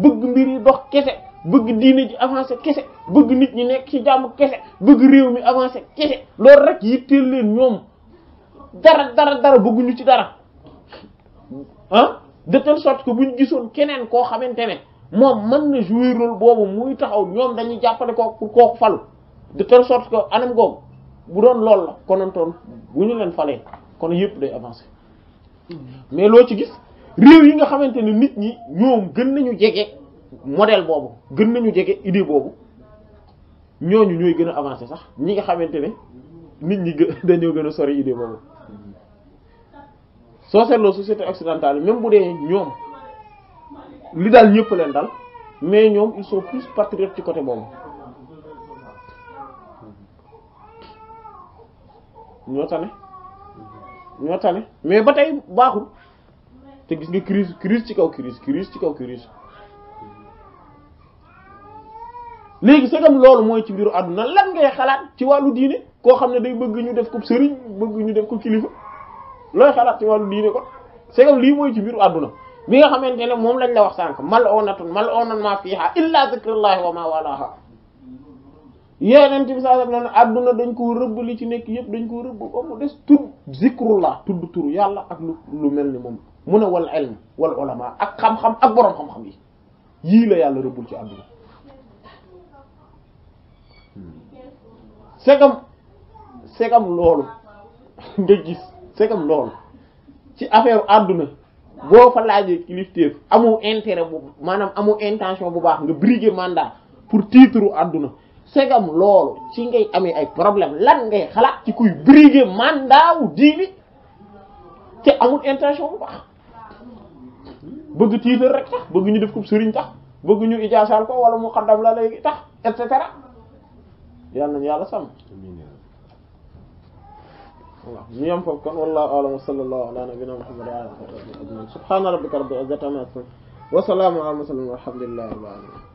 bëgg mbir yi dox kese bëgg diine ji avancé kese bëgg nit ñi nekk ci jàmm kese bëgg réew mi avancé kese loolu rek yitteel leen ñoom dara dara dara bëgguñu ci dara ah de telle sorte que buñ gisoon keneen koo xamante ne moom mën na jouer rôle boobu muy taxaw ñoom dañuy jàppale koo pour kooku falu de telle sorte que anam googu bu doon lool la konontoon bu ñu leen falee kon yëpp day avancé hmm. mais loo ci gis réew yi nga xamante nit ñi ñoom gën nañu jege modèle bobu gën nañu jege idée bobu ñoñu ñoy gëna avancer sax ñi nga xamante nit ñi dañoo gën a sori idée boobu so seetloo société occidentale même bu dee ñoom li dal ñëpp leen dal mais ñoom ils sont plus patriotes ci côté bobu ñoo tane ñoo tane mais batay baxul te gis nga crise crise ci kaw crise crise ci kaw crise léegi sagam loolu mooy ci mbiru àdduna lan ngay xalaat ci wàllu diine koo xam ne day bëgg ñu def ko sëriñ bëgg ñu def ko kilifa looy xalaat ci wàllu diine ko sagam lii mooy ci mbiru àdduna bi nga xamante ne moom lañ la wax sànk mal onatun mal onan ma fiha illa zikrullahi wa ma walaha yeneen bi saa na àdduna dañ koo rëbb li ci nekk yëpp dañ koo rëbb ba mu des tudd zikrullah tudd yàlla ak lu mu ne wal ilm wal ulama ak xam-xam ak boroom xam-xam yii la yàlla rëbbul ci àdduna segam segam loolu nga gis segam loolu ci affaire àdduna boo fa laajee kilifteef amoo intérêt bu maanaam amoo intention bu baax nga briguer mandat pour titre àdduna segam loolu ci ngay amee ay problème lan ngay xalaat ci kuy briguer mandat wu diini te amul intention bu baax bëgg tiital rek tax bëgg ñu def ko sëriñ tax bëgg ñu ijaasaal ko wala mu xaddam la léegi tax et cetera yal nañu yàlla sàmm waaw ñu yem foofu kon wallahu a'lam wa sallallahu nabina muhammad wa ala alihi wa sahbihi ajma'in subhana rabbika rabbil izzati amma wa salamun ala mursalin